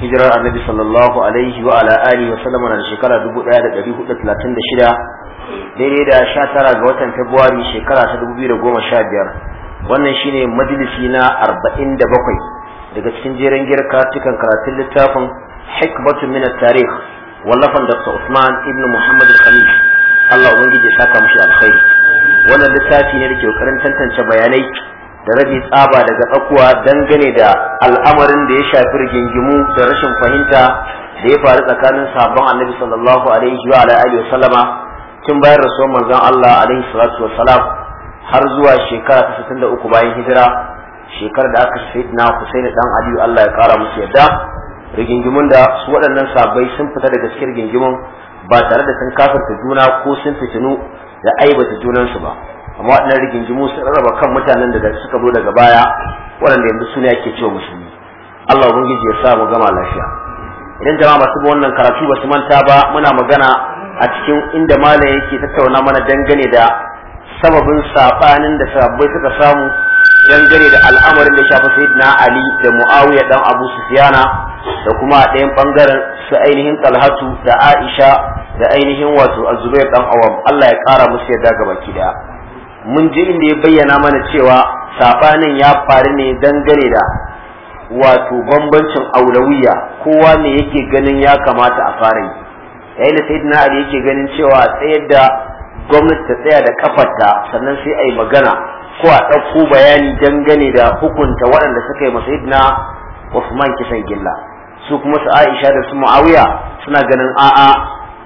hijirar annabi sallallahu alaihi wa ala alihi wa sallama na shekara 1436 daidai da 19 ga watan Fabrairu shekara ta 2015 wannan shine majalisi na 47 daga cikin jeren girka cikin karatun littafin hikmatu min at-tarikh wallafan Dr. Usman ibn Muhammad al-Khamis Allah ubangiji ya saka mushi alkhairi wannan littafi ne da ke kokarin tantance bayanai da rage tsaba daga tsakuwa dangane da al'amarin da ya shafi rigingimu da rashin fahimta da ya faru tsakanin sabon annabi sallallahu alaihi wa alihi wa sallama tun bayan rasuwar manzon Allah alaihi salatu wa har zuwa shekara ta 63 bayan hijira shekarar da aka na Husain dan Aliyu Allah ya kara musu yadda rigingimun da su waɗannan sabai sun fita daga cikin rigingimun ba tare da sun kafirta juna ko sun fitinu da aibata junansu ba amma waɗannan rigingimu sun rarraba kan mutanen da suka zo daga baya waɗanda yanzu su ne ake cewa musulmi Allah ubangiji ya sa mu gama lafiya idan jama'a masu wannan karatu ba su manta ba muna magana a cikin inda malam yake tattauna mana dangane da sababin sabanin da sabbai suka samu dangane da al'amarin da shafi sayyidina Ali da Muawiya dan Abu Sufiyana da kuma ɗayan bangaren su ainihin Talhatu da Aisha da ainihin wato Azubair dan Awam Allah ya kara musu yadda gaba ki daya mun ji inda ya bayyana mana cewa sabanin ya faru ne dangane da wato bambancin aulawiya kowa ne yake ganin ya kamata a fara yi yayin da sayyidina ali yake ganin cewa tsayar da gwamnati ta tsaya da kafarta sannan sai a yi magana ko a ɗauko bayani dangane da hukunta waɗanda suka yi masa masayidina Usman kisan gilla su kuma su Aisha da su Muawiya suna ganin a'a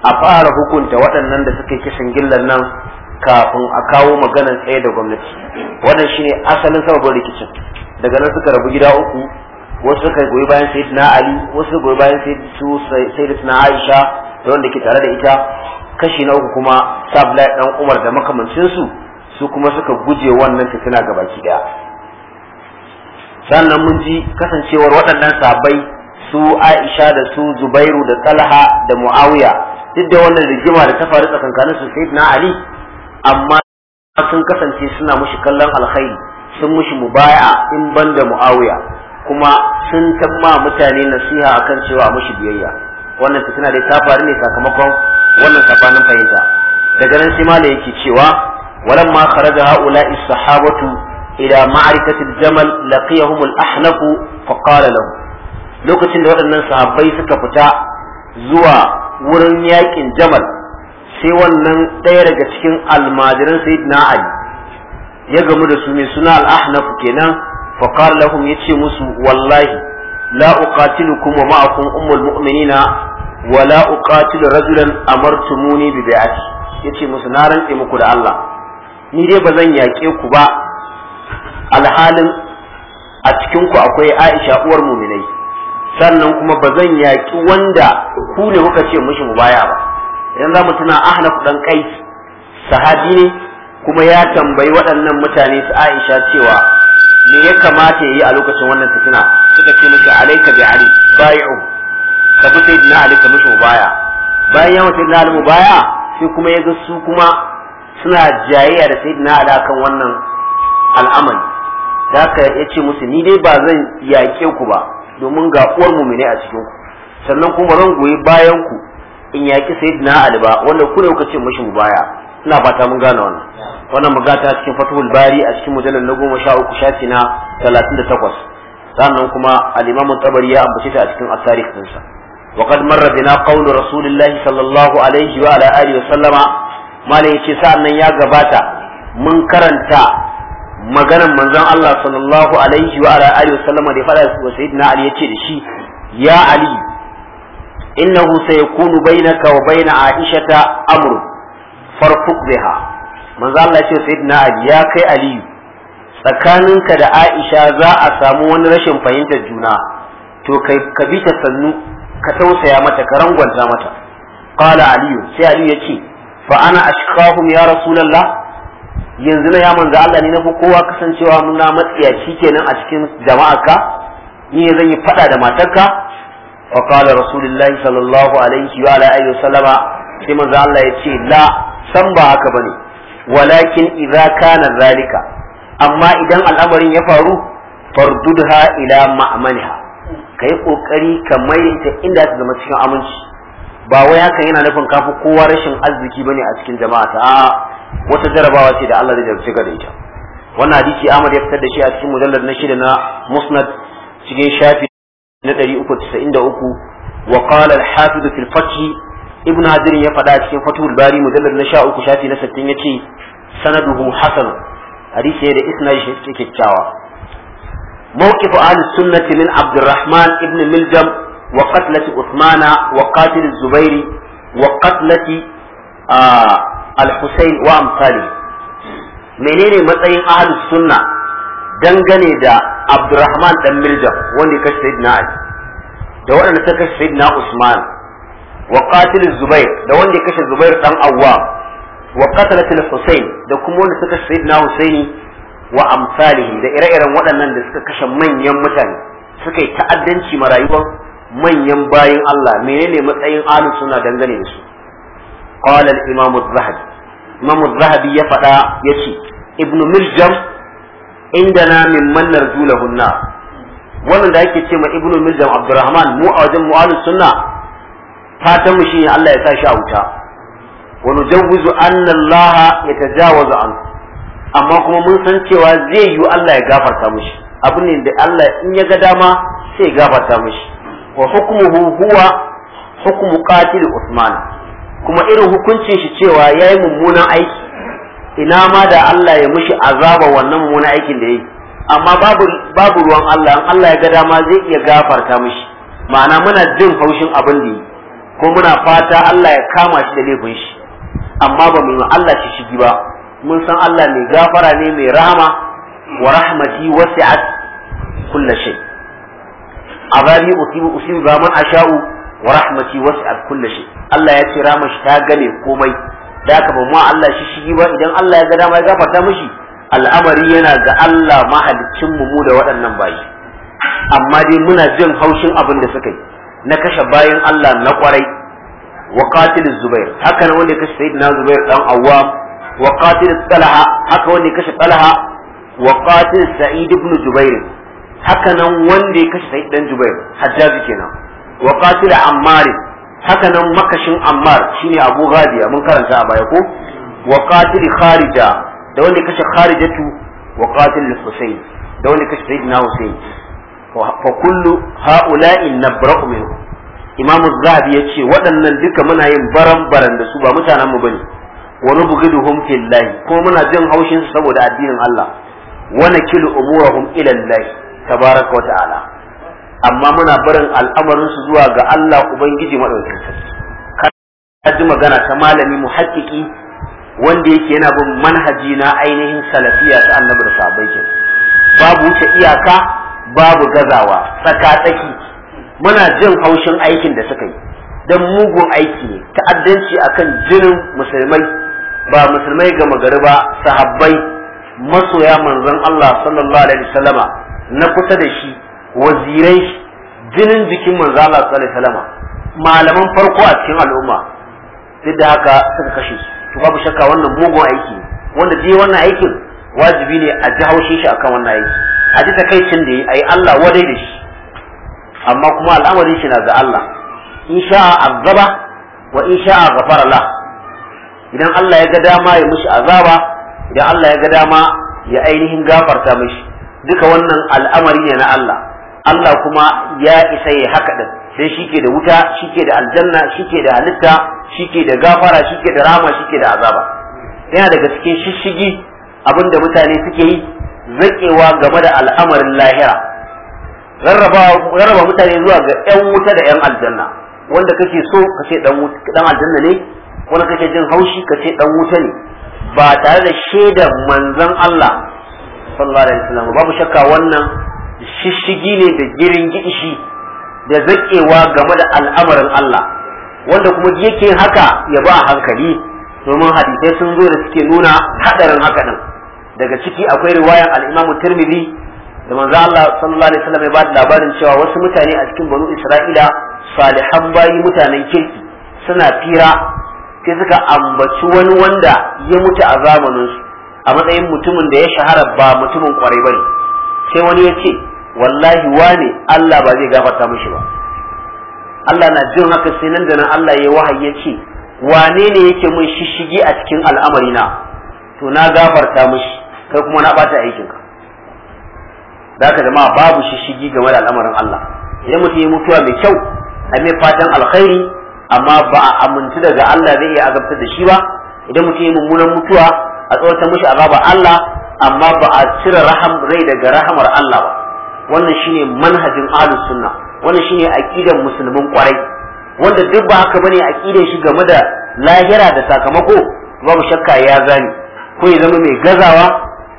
a fara hukunta waɗannan da suka yi kisan gillan nan kafin a kawo maganar tsaye da gwamnati wannan shine asalin sababin rikicin daga nan suka rabu gida uku wasu suka goyi bayan na ali wasu suka goyi bayan da aisha da wanda ke tare da ita kashi na uku kuma sabla dan umar da makamancin su su kuma suka guje wannan fitina ga baki daya sannan mun ji kasancewar waɗannan sabai su aisha da su zubairu da talha da muawiya duk da wannan rigima da ta faru tsakankanin su na ali amma sun kasance suna mushi kallon alkhairi sun mushi baya in banda muawiya kuma sun tamma mutane nasiha akan cewa mushi biyayya wannan fitina dai ta faru ne sakamakon wannan sabanin fahimta daga nan sai malai yake cewa walamma kharaja haula'i sahabatu ila ma'rifati al-jamal laqiyahum al-ahnaf fa qala lahu lokacin da waɗannan sahabbai suka fita zuwa wurin yakin jamal sai wannan ɗaya daga cikin almajiran na ali ya gamu da su mai suna al-ahnaf kenan fa qala ya yace musu wallahi la uqatilukum wa ma'akum ummul mu'minina wa la uqatilu rajulan amartumuni bi bi'ati ce musu na rantse muku da Allah ni dai bazan yaƙe ku ba alhalin a cikin ku akwai Aisha uwar muminai sannan kuma zan yaƙi wanda ku ne kuka ce mushi baya ba idan za mu tuna ahnaf dan kai sahabi ne kuma ya tambayi waɗannan mutane su aisha cewa me ya kamata yayi a lokacin wannan fitina suka ce masa alayka bi ali bai'u ka bi sayyidina ali ka mishi baya bayan ya wuce na ali baya sai kuma ya ga su kuma suna jayayya da sayyidina ali kan wannan al'amari da haka ya ce musu ni dai ba zan yaƙe ku ba domin ga uwar mu ne a cikin ku sannan kuma zan goyi bayan ku in yaki sayyidina ali ba wannan ku ne kuka ce mishi mubaya ina fata mun gane wannan wannan magata cikin fatul bari a cikin mujallal na goma sha uku shafi na talatin da takwas sannan kuma al-imamu tabari ya ambace ta a cikin asarik dinsa وقد مر بنا قول رسول sallallahu alaihi wa عليه وعلى آله وسلم ما ليش سألنا يا جباتا من كرنتا maganan manzon Allah sallallahu alaihi wa ala alihi wasallama da fada wa sayyidina Ali yace da shi ya Ali In na إنه سيكون بينك وبين عائشة أمر فارفق بها من ذا الله يقول سيدنا علي يا كي علي tsakaninka da Aisha za a samu wani rashin fahimtar juna to ka bi ta sannu ka tausaya mata ka rangwanta mata qala aliyu sai aliyu yace fa ana ashqahum ya rasulullah yanzu na ya manzo Allah ne na fi kowa kasancewa muna matsiyaci kenan a cikin ka? ni zan yi faɗa da matarka wa qala rasulullahi sallallahu alaihi wa ala alihi sai manzo Allah ya ce la san ba haka bane walakin idza kana zalika amma idan al'amarin ya faru fardudha ila ma'maniha kai kokari ka mai ta inda ta zama cikin aminci ba wai haka yana nufin kafi kowa rashin arziki bane a cikin jama'a ta a'a wata jarabawa ce da Allah zai jarabce ka da ita wannan hadisi Ahmad ya fitar da shi a cikin mujallad na shida na Musnad cikin shafi na 393 wa qala al-hafiz fil fath ibn hajar ya faɗa cikin fathul bari mujallad na 13 shafi na hasan hadisi da kyakkyawa موقف أهل السنة من عبد الرحمن ابن ملجم وقتلة عثمان وقاتل الزبير وقتلة آه الحسين وأمثاله menene matsayin ahlus sunna dangane da Abdurrahman dan Mirza wanda kashe Sayyidina Ali da waɗanda suka kashe Sayyidina Usman wa qatil Zubair da wanda kashe Zubair dan Awwam wa qatalat Husayn da kuma wanda suka kashe Sayyidina Husaini wa amsalihi da ire-iren waɗannan da suka kashe manyan mutane suka yi ta'addanci ma manyan bayin Allah menene matsayin ahlus suna dangane da su qala al-imam az-zahabi imam az-zahabi ya faɗa yace ibnu miljam indana min man narjulahunna wannan da yake ce ma ibnu miljam abdurrahman mu a wajen mu'alus sunna fatanmu shi ne Allah ya sa shi a wuta wa nujawwizu anna Allah yatajawazu an amma kuma mun san cewa zai yi Allah ya gafarta mushi abin ne da Allah in ya ga dama sai ya gafarta mushi wa hukmuhu huwa hukmu qatil Usman kuma irin hukuncin shi cewa yayi mummunan aiki ina ma da Allah ya mushi azaba wannan mummunan aikin da yi. amma babu babu ruwan Allah in Allah ya ga dama zai iya gafarta mushi ma'ana muna jin haushin abin da yi ko muna fata Allah ya kama shi da laifin shi amma ba mu yi Allah shi shigi ba mun san Allah mai gafara ne mai rahama wa rahmati wasi'at kulli shay azabi usibu usibu ba man asha'u wa rahmati wasi'at kulli shay Allah ya ce shi ta gane komai da aka bamu Allah shi shi ba idan Allah ya ga dama ya gafarta mishi al'amari yana ga Allah mahaliccin mu mu da waɗannan bayi amma dai muna jin haushin abin da suka yi na kashe bayan Allah na kwarai wa qatil zubair haka wanda ya kashe sayyidina zubair dan awwam wa qatil talha haka wanda ya kashe talha wa qatil sa'id ibn zubair haka nan wanda ya kashe sayyid dan jubair hajjaji kenan wa qatil ammar haka nan makashin ammar shine abu ghadiya mun karanta a baya ko wa qatil kharija da wanda kashe kharijatu wa qatil husayn da wanda kashe sayyidina husayn fa kullu haula'i nabra'u minhu imam az-zahabi yace waɗannan duka muna yin baran baran da su ba mutanen mu bane wa nubghiduhum fillahi kuma muna jin haushin su saboda addinin Allah wa nakilu umurahum ila Allah baraka wa ta'ala amma muna barin al'amarin su zuwa ga Allah ubangiji madaukakin sarki ji magana ta malami muhakkiki wanda yake yana bin manhaji na ainihin salafiya ta annabi da sahabbai ke babu wuce iyaka babu gazawa tsaka tsaki muna jin haushin aikin da suka yi dan mugun aiki ne ta'addanci akan jinin musulmai ba musulmai ga magari ba sahabbai masoya manzon Allah sallallahu alaihi wasallama na kusa da shi wazirai jinin jikin manzo Allah sallallahu alaihi wasallam malaman farko a cikin al'umma duk da haka suka kashe su to babu shakka wannan mugun aiki wanda je wannan aikin wajibi ne a ji haushin shi akan wannan aiki a ji takaicin da yi ayi Allah wadai da shi amma kuma al'amarin shi na ga Allah in sha'a azaba wa in sha'a ghafara la idan Allah ya ga dama ya mishi azaba idan Allah ya ga dama ya ainihin gafarta mishi duka wannan al'amari ne na Allah Allah kuma ya isa ya haka din shi shike da wuta shike da aljanna shike da halitta shike da gafara shike da rama shike da azaba yana daga cikin shishigi abinda mutane suke yi zakewa game da al'amarin lahira rarraba mutane zuwa ga yan wuta da yan aljanna wanda kake so ka ce dan aljanna ne wanda kake jin haushi ka ce dan wuta ne ba tare da shaidar manzon Allah sallallahu alaihi wasallam babu shakka wannan shishigi ne da girin da zakewa game da al'amarin Allah wanda kuma yake haka ya ba hankali domin hadisai sun zo da suke nuna hadarin haka din daga ciki akwai riwayar al-Imam Tirmidhi da manzo Allah sallallahu alaihi wasallam ya ba da labarin cewa wasu mutane a cikin banu Isra'ila salihan bayi mutanen kirki suna fira sai suka ambaci wani wanda ya mutu a zamaninsu a matsayin mutumin da ya shahara ba mutumin kwarai bane sai wani ya ce wallahi wane Allah ba zai gafarta mishi ba Allah na jin haka sai nan da nan Allah ya wahayi ya ce wane ne yake mun shishigi a cikin al'amari na to na gafarta mishi kai kuma na bata aikin ka da haka jama'a babu shishigi game da al'amarin Allah idan mutum ya mutuwa mai kyau a mai fatan alkhairi amma ba a amintu daga Allah zai iya azabtar da shi ba idan mutum ya mummunan mutuwa a tsawatar a azaba Allah amma ba a cire raham rai daga rahamar Allah ba wannan shine manhajin ahlus sunna wannan shine aqidar musulmin kwarai wanda duk ba haka bane aqidar shi game da lahira da sakamako babu shakka ya zani. ko ya zama mai gazawa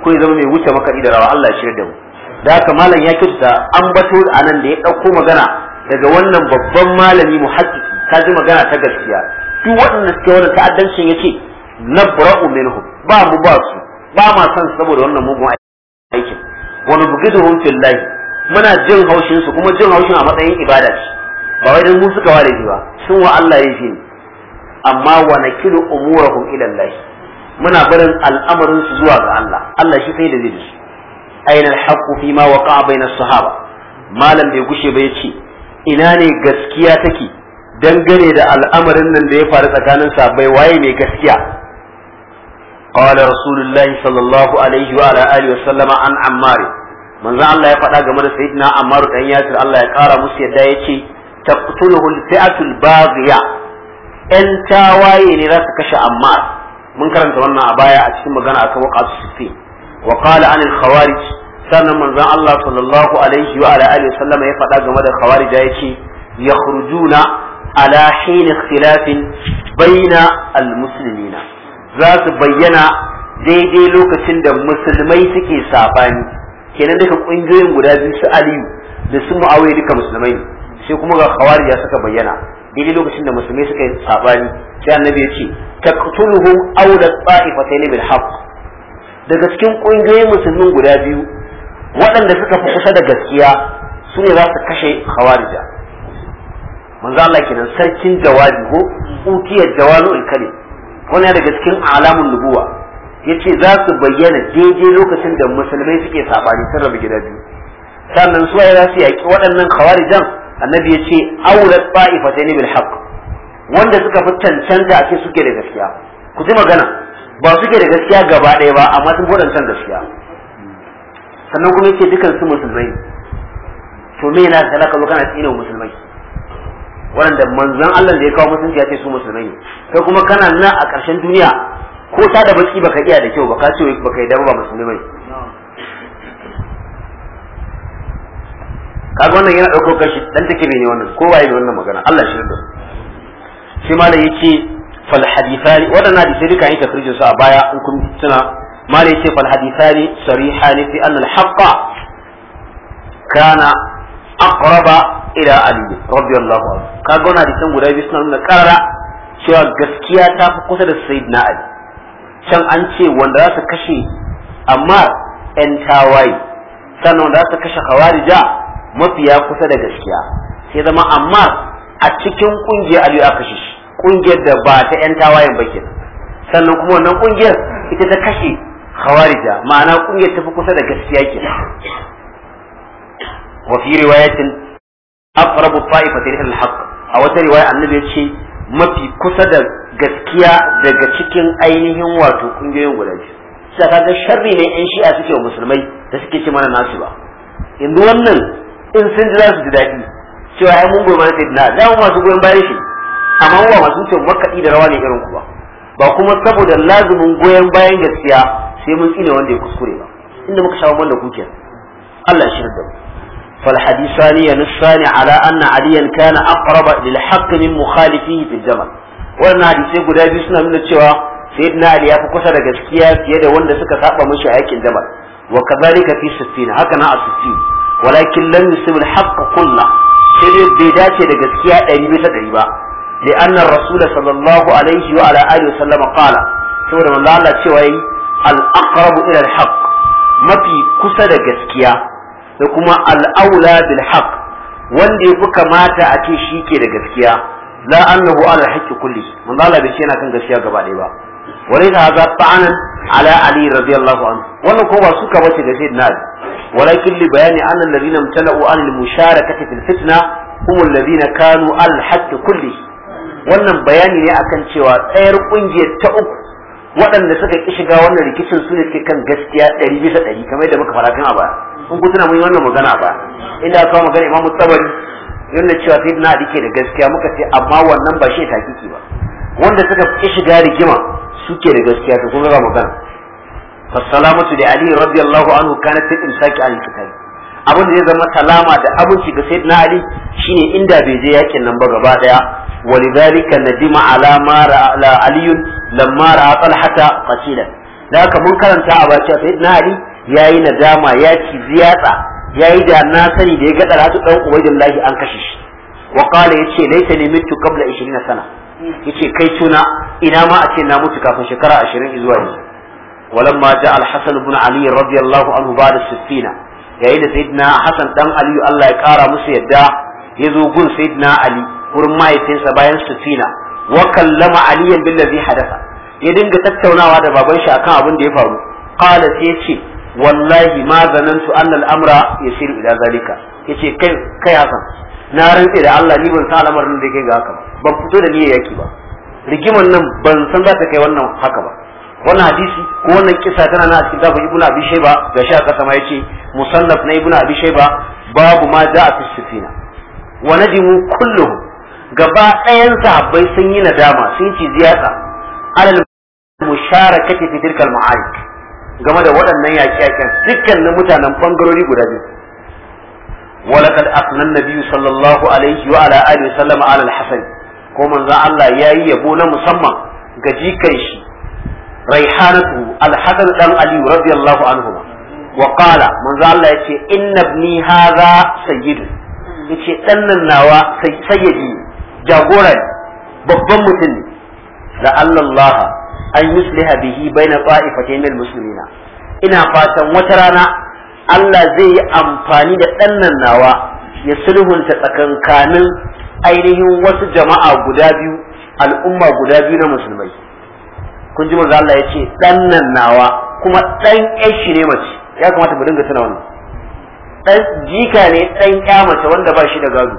ko ya zama mai wuce maka da rawa Allah shi da mu da haka malam ya kirta an bato anan da ya dauko magana daga wannan babban malami muhaddisi ka ji magana ta gaskiya duk waɗanda suke wannan ta'addancin yace nabra'u minhum ba mu ba su ba ma san saboda wannan mugun aikin bugidu nubghiduhum fillahi muna jin haushin su kuma jin haushin a matsayin ibada ce ba wai dan mu suka ware shi ba sun wa Allah ya ni? amma wa nakilu umurahum ila Allah muna barin al'amarin su zuwa ga Allah Allah shi sai da zai su aina alhaqu fi ma waqa'a bainas sahaba malam bai gushe ba yace ina ne gaskiya take dangane da al'amarin nan da ya faru tsakanin sahabbai waye mai gaskiya قال رسول الله صلى الله عليه وعلى آله وسلم عن عمار من ذا الله يفعل قمنا سيدنا عمار أن ياسر الله يقال مسيا دايتي تقتله الفئة الباغية أنت وايني راس كش عمار من كرم تمنى أبايا أتسمى مغانا أتوقع السفين وقال عن الخوارج سنة من ذا الله صلى الله عليه وعلى آله وسلم يفعل قمنا الخوارج دايتي يخرجون على حين اختلاف بين المسلمين za su bayyana daidai lokacin da musulmai suke sabani kenan duka ƙungiyoyin guda biyu su aliyu da su mu'awiya duka musulmai sai kuma ga khawariya suka bayyana daidai lokacin da musulmai suka yi sabani sai annabi ya ce taqtuluhum aw la ta'ifatayn bil haqq daga cikin ƙungiyoyin musulmin guda biyu waɗanda suka fi kusa da gaskiya su ne za su kashe khawarija manzo Allah kenan sarkin jawabi ko ukiyar jawalul kalim wani daga cikin alamun nubuwa yace za su bayyana daidai lokacin da musulmai suke safari sun rabu gida biyu sannan su za su yaki waɗannan khawarijan annabi yace awlat ne bil haqq wanda suka fi cancanta a ce suke da gaskiya ku ji magana ba suke da gaskiya gaba ɗaya ba amma sun waɗancan gaskiya sannan kuma yace dukan su musulmai to me yana da kana zo kana tsine musulmai waɗanda manzan Allah da ya kawo musulunci ya ce su musulmai ne kai kuma kana nan a ƙarshen duniya ko ta da baki baka iya da kyau baka ce baka yi ba musulmi bane kaga wannan yana ɗauko kashi dan take ne wannan kowa yi wannan magana Allah shi da shi malai yace fal hadithani wadannan hadisi duka yin tafrijin su a baya in kun tuna malai yace fal hadithani sarihani fi anna al haqqa kana aqraba ila ali radiyallahu anhu gona da guda biyu suna nuna karara cewa gaskiya ta fi kusa da sayyidina ali can an ce wanda za su kashe amma yan tawaye sannan wanda za su kashe khawarija mafiya kusa da gaskiya sai zama amma a cikin kungiyar ali aka kashe shi kungiyar da ba ta yan tawayen ba kenan sannan kuma wannan kungiyar ita ta kashe khawarija ma'ana kungiyar ta fi kusa da gaskiya ke wa fi riwayatin aqrabu ta'ifatin ila al-haqq a wata riwaya annabi ya ce mafi kusa da gaskiya daga cikin ainihin wato kungiyoyin guda biyu sai kaga sharri ne yan shi'a suke musulmai da suke ci mana nasu ba yanzu wannan in sun ji za su ji daɗi cewa ai mun goyi bayan na za mu masu goyon bayan shi amma ba masu wuce makaɗi da rawa ne irin ku ba ba kuma saboda lazumin goyon bayan gaskiya sai mun tsine wanda ya kuskure ba inda muka shawo man da kuke Allah ya shirya da mu فالحديثان ينصان على أن عليا كان أقرب للحق من مخالفه في الزمن وأن حديثي قد يسنا من التشوى سيدنا علي فقصد قسكيا في يد وند سكا سابا من شعيك الزمن وكذلك في ستين هكذا الستين ولكن لم يسم الحق كله سيدي بيداتي لقسكيا أي بيسا قريبا لأن الرسول صلى الله عليه وعلى آله وسلم قال سورة الله الله الأقرب إلى الحق ما في كسد قسكيا da kuma al'aula bil haq wanda ya fi kamata a ce shi ke da gaskiya la annahu ala haqqi kulli manzo Allah bai ce yana kan gaskiya gaba ɗaya ba wani da haza ta'anan ala ali radiyallahu anhu wannan ko ba suka bace da sayyidina ali walakin li bayani anna alladhina imtala'u an al musharakati fil fitna hum alladhina kanu al haqqi kulli wannan bayani ne akan cewa tsayar kungiyar ta uku waɗanda suka ƙi shiga wannan rikicin su ne suke kan gaskiya ɗari bisa ɗari kamar yadda muka fara tun a baya kun ku mun yi wannan magana ba inda aka magana imam tsabari yana cewa sai na dike da gaskiya muka ce amma wannan ba shi hakiki ba wanda suka ki shiga rigima suke da gaskiya to kun ga magana fasalamatu da ali radiyallahu anhu kana fil insaki al kitab abin da ya zama salama da abinci ga sayyidina ali shine inda bai je yakin nan ba gaba daya ولذلك ندم على ما على علي لما راى طلحه قتيلا ذاك من ba ابا سيدنا علي ya yi nadama ya ci ziyatsa Yayi da na sani da ya gaɗa hatu ɗan ubaidillahi an kashe shi wa ya ce laita ne mitu qabla 20 sana yace kai tuna ina ma na mutu kafin shekara 20 zuwa yanzu walamma ja al-hasan ibn ali radiyallahu anhu ba'da 60 yayin da sayyidina Hassan dan Aliyu. Allah ya kara musu yadda ya zo gudu sayyidina ali wurin mahaifinsa bayan 60 wa kallama Bello zai hadasa. ya dinga tattaunawa da baban shi akan abin da ya faru qala ya ce. wallahi ma zanantu annal amra yasiru ila zalika yace kai kai hasan na rantse da Allah ni ban sa al'amarin da kai ga haka ba ban fito da niyyar yaki ba rigiman nan ban san za ta kai wannan haka ba wannan hadisi ko wannan kisa tana na cikin zabu ibnu abi shayba ga sha kasa ma yace musannaf na ibnu abi shayba babu ma da'a fi sifina wa nadimu kulluhum gaba ɗayan sahabbai sun yi nadama sun ci ziyasa alal musharakati fi tilkal ma'arik game da waɗannan yaƙe-yaƙen dukkanin mutanen bangarori guda biyu walaqad asna nabiyyu sallallahu alaihi wa ala alihi sallama ala al-hasan ko Manza Allah yayi yabo na musamman ga shi raihanatu al ɗan Aliyu ali anhu wa qala manzo Allah ce inna ibni hadha sayyidu yace dan nan nawa sayyidi Jagoran babban mutum ne da Allah an yusliha bihi bayna qa'ifatayn Musulmina. ina fatan wata rana Allah zai yi amfani da ɗannan nawa ya sulhunta tsakankanin ainihin wasu jama'a guda biyu al'umma guda biyu na musulmai kun ji manzo Allah ya ce nawa kuma ɗan shi ne mace ya kamata mu dinga tuna wannan dan jika ne ɗan mace wanda ba shi da gado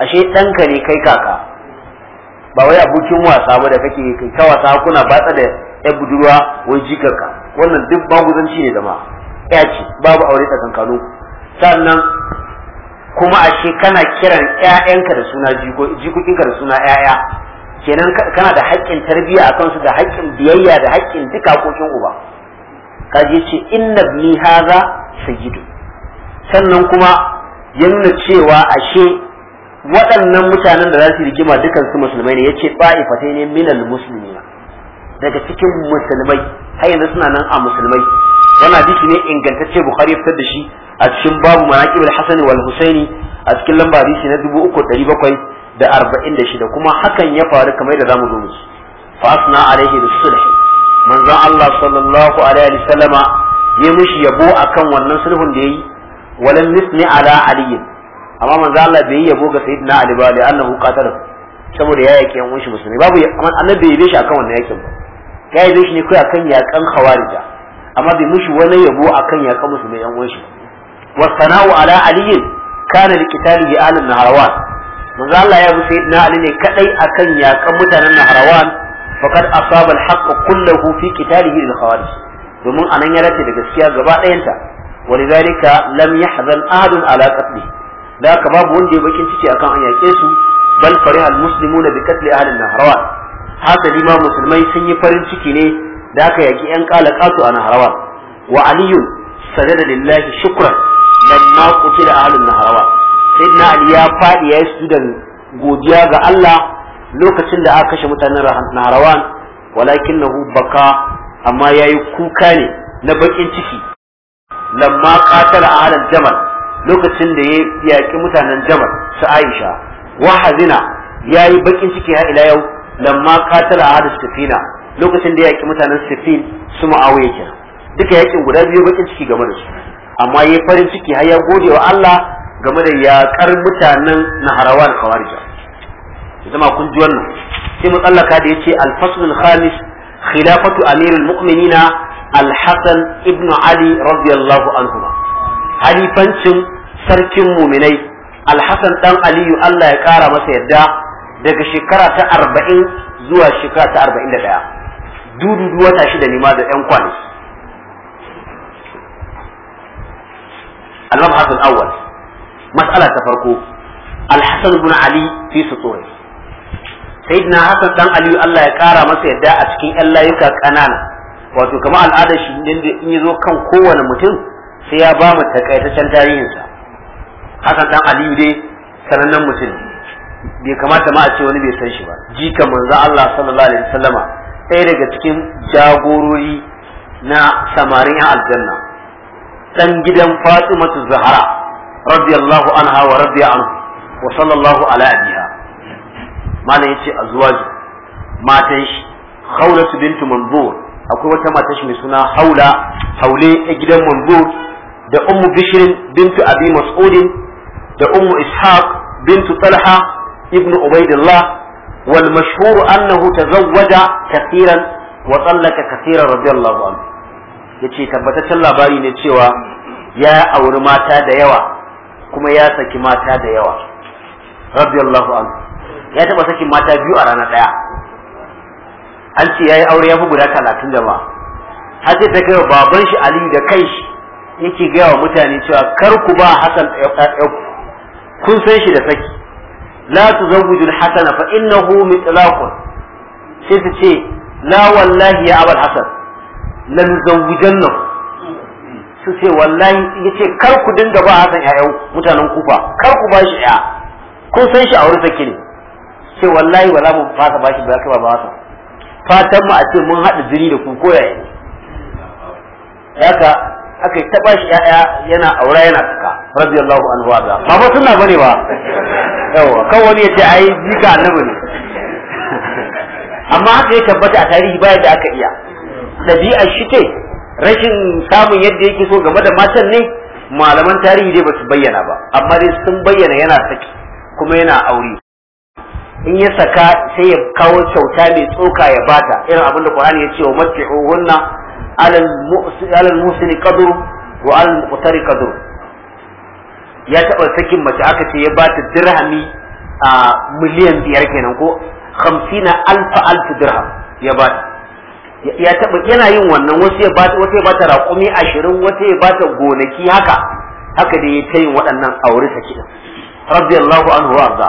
ashe ɗanka ne kai kaka ba wai abokin wasa ba da kake kai ka wasa kuna batsa da yan budurwa wai jikarka wannan duk baguzanci ne zama ya ce babu aure kankano. sannan kuma ashe kana kiran ƴaƴanka da suna jikokinka da suna ƴaƴa kenan kana da haƙƙin tarbiyya a kansu da haƙƙin biyayya da haƙƙin duka haƙoƙin uba Ka je ce inna ni haza sayyidu sannan kuma ya cewa ashe waɗannan mutanen da za su rigima dukan su musulmai ne yace ta'ifatai ne minal muslimina daga cikin musulmai har yanzu suna nan a musulmai wannan hadisi ne ingantacce bukhari ya fitar da shi a cikin babu manaqibul hasan wal husaini a cikin lamba hadisi na 3746 kuma hakan ya faru kamar da zamu zo mu fa asna alaihi bisulh manzon Allah sallallahu alaihi wasallama ya mushi yabo akan wannan sulhun da yayi walan nisni ala aliyin amma manzo Allah bai yi yabo ga sayyidina Ali ba li'annahu qatala saboda ya yake yan wunshi musulmi babu amma Allah bai yabe shi akan wannan yakin ba ya yabe shi ne kai akan yakan khawarija amma bai mushi wani yabo akan yakan musulmi yan wunshi wa sana'u ala aliyin kana liqitali bi ahli naharawan manzo Allah ya bi sayyidina Ali ne kadai akan yakan mutanen naharawan faqad asaba al-haqq kulluhu fi qitalihi lil khawarij domin anan ya race da gaskiya gaba ɗayanta ولذلك لم يحزن أحد على قتله da haka babu wanda ya bakin ciki akan an yaƙe su bal fariha almuslimuna bi katli ahli nahrawan hasali ma musulmai sun yi farin ciki ne da aka yaƙi yan kasu a nahrawan wa aliyu sajada lillahi shukran ma qutila ahli nahrawan sayyidina ali ya fadi ya yi godiya ga Allah lokacin da aka kashe mutanen nahrawan walakinahu baka amma yayi kuka ne na bakin ciki lamma qatala ahli jamal lokacin da ya yaƙi mutanen jamar su aisha wa hazina ya yi bakin ciki har ila yau lamma katala ahad sifina lokacin da ya yaƙi mutanen sifin su ma'awiya kenan duka yaƙin guda biyu bakin ciki game da su amma ya farin ciki har ya gode wa Allah game da yaƙar mutanen naharawan khawarija zama kun ji wannan sai da ya ce faslul khamis khilafatu amirul mu'minina al ibn ali radiyallahu anhu halifancin sarkin muminai alhassan dan aliyu allah ya kara masa yadda daga shekara ta arba'in zuwa shekara ta arba'in da ɗaya dududu wata shida ne ma da yan Awwal المبحث ta farko تفرقوا الحسن بن علي في سطوره سيدنا حسن دان علي Allah ya kara masa yadda a cikin ƴan layuka ƙanana wato kamar al'adar shi in zo kan kowane mutum sai ya ba mu takaitaccen tarihinsa Hassan dan aliyu dai sanannen mutum bai kamata ma a ce wani bai san shi ba ji jika manzo Allah sallallahu alaihi wasallama ɗaya daga cikin jagorori na samarin yan aljanna dan gidan Fatimatu Zahra radiyallahu anha wa radiya anhu wa sallallahu ala abiha malam yace azwaji matan shi Khawlatu bintu Manzur akwai wata mata shi mai suna haula haule a gidan manzo da ummu bishirin bintu abi mas'udin da ummu ishaq bintu talha ibn ubaidillah wal mashhur annahu tazawwaja kathiran wa tallaka kathiran radiyallahu anhu yace tabbataccen labari ne cewa ya auri mata da yawa kuma ya saki mata da yawa radiyallahu anhu ya taba sakin mata biyu a rana daya an ce yayi aure ya fi guda talatin da ma har sai ta baban shi Ali da kai shi yake gaya wa mutane cewa kar ku ba Hassan ku kun san shi da saki la tuzawwijul hasana fa innahu mitlaqun sai ta ce la wallahi ya abul hasan lan zawwijanna su ce wallahi yace kar ku dinga ba hasan yau mutanen kufa kar ku ba shi ya kun san shi a wurin saki ne ce wallahi wala mu fasa ba shi ba ka ba hasan fatan mu a ce mun haɗa jiri da ku koyaye Ya haka aka yi taba shi ya'ya yana aura yana suka radiyallahu anhu wa ba fa sunna bane ba yawa kan wani yace ai jika annabi ne amma haka ya tabbata a tarihi baya da aka iya Ɗabi'a shi ce rashin samun yadda yake so game da matan ne malaman tarihi dai basu bayyana ba amma dai sun bayyana yana saki kuma yana aure in ya saka sai ya kawo kyauta mai tsoka ya bata irin abin da Qur'ani ya ce wa matti'uhunna alal musini kadur wa alal mutari kadur ya taɓa sakin mace aka ce ya ba ta dirhami a miliyan biyar kenan ko hamsina alfa alfa dirham ya ba ta ya taɓa yana yin wannan wasu ya bata wasu ya ta raƙumi ashirin wasu ya ta gonaki haka haka da ya ta yin waɗannan aure saki din radiyallahu anhu wa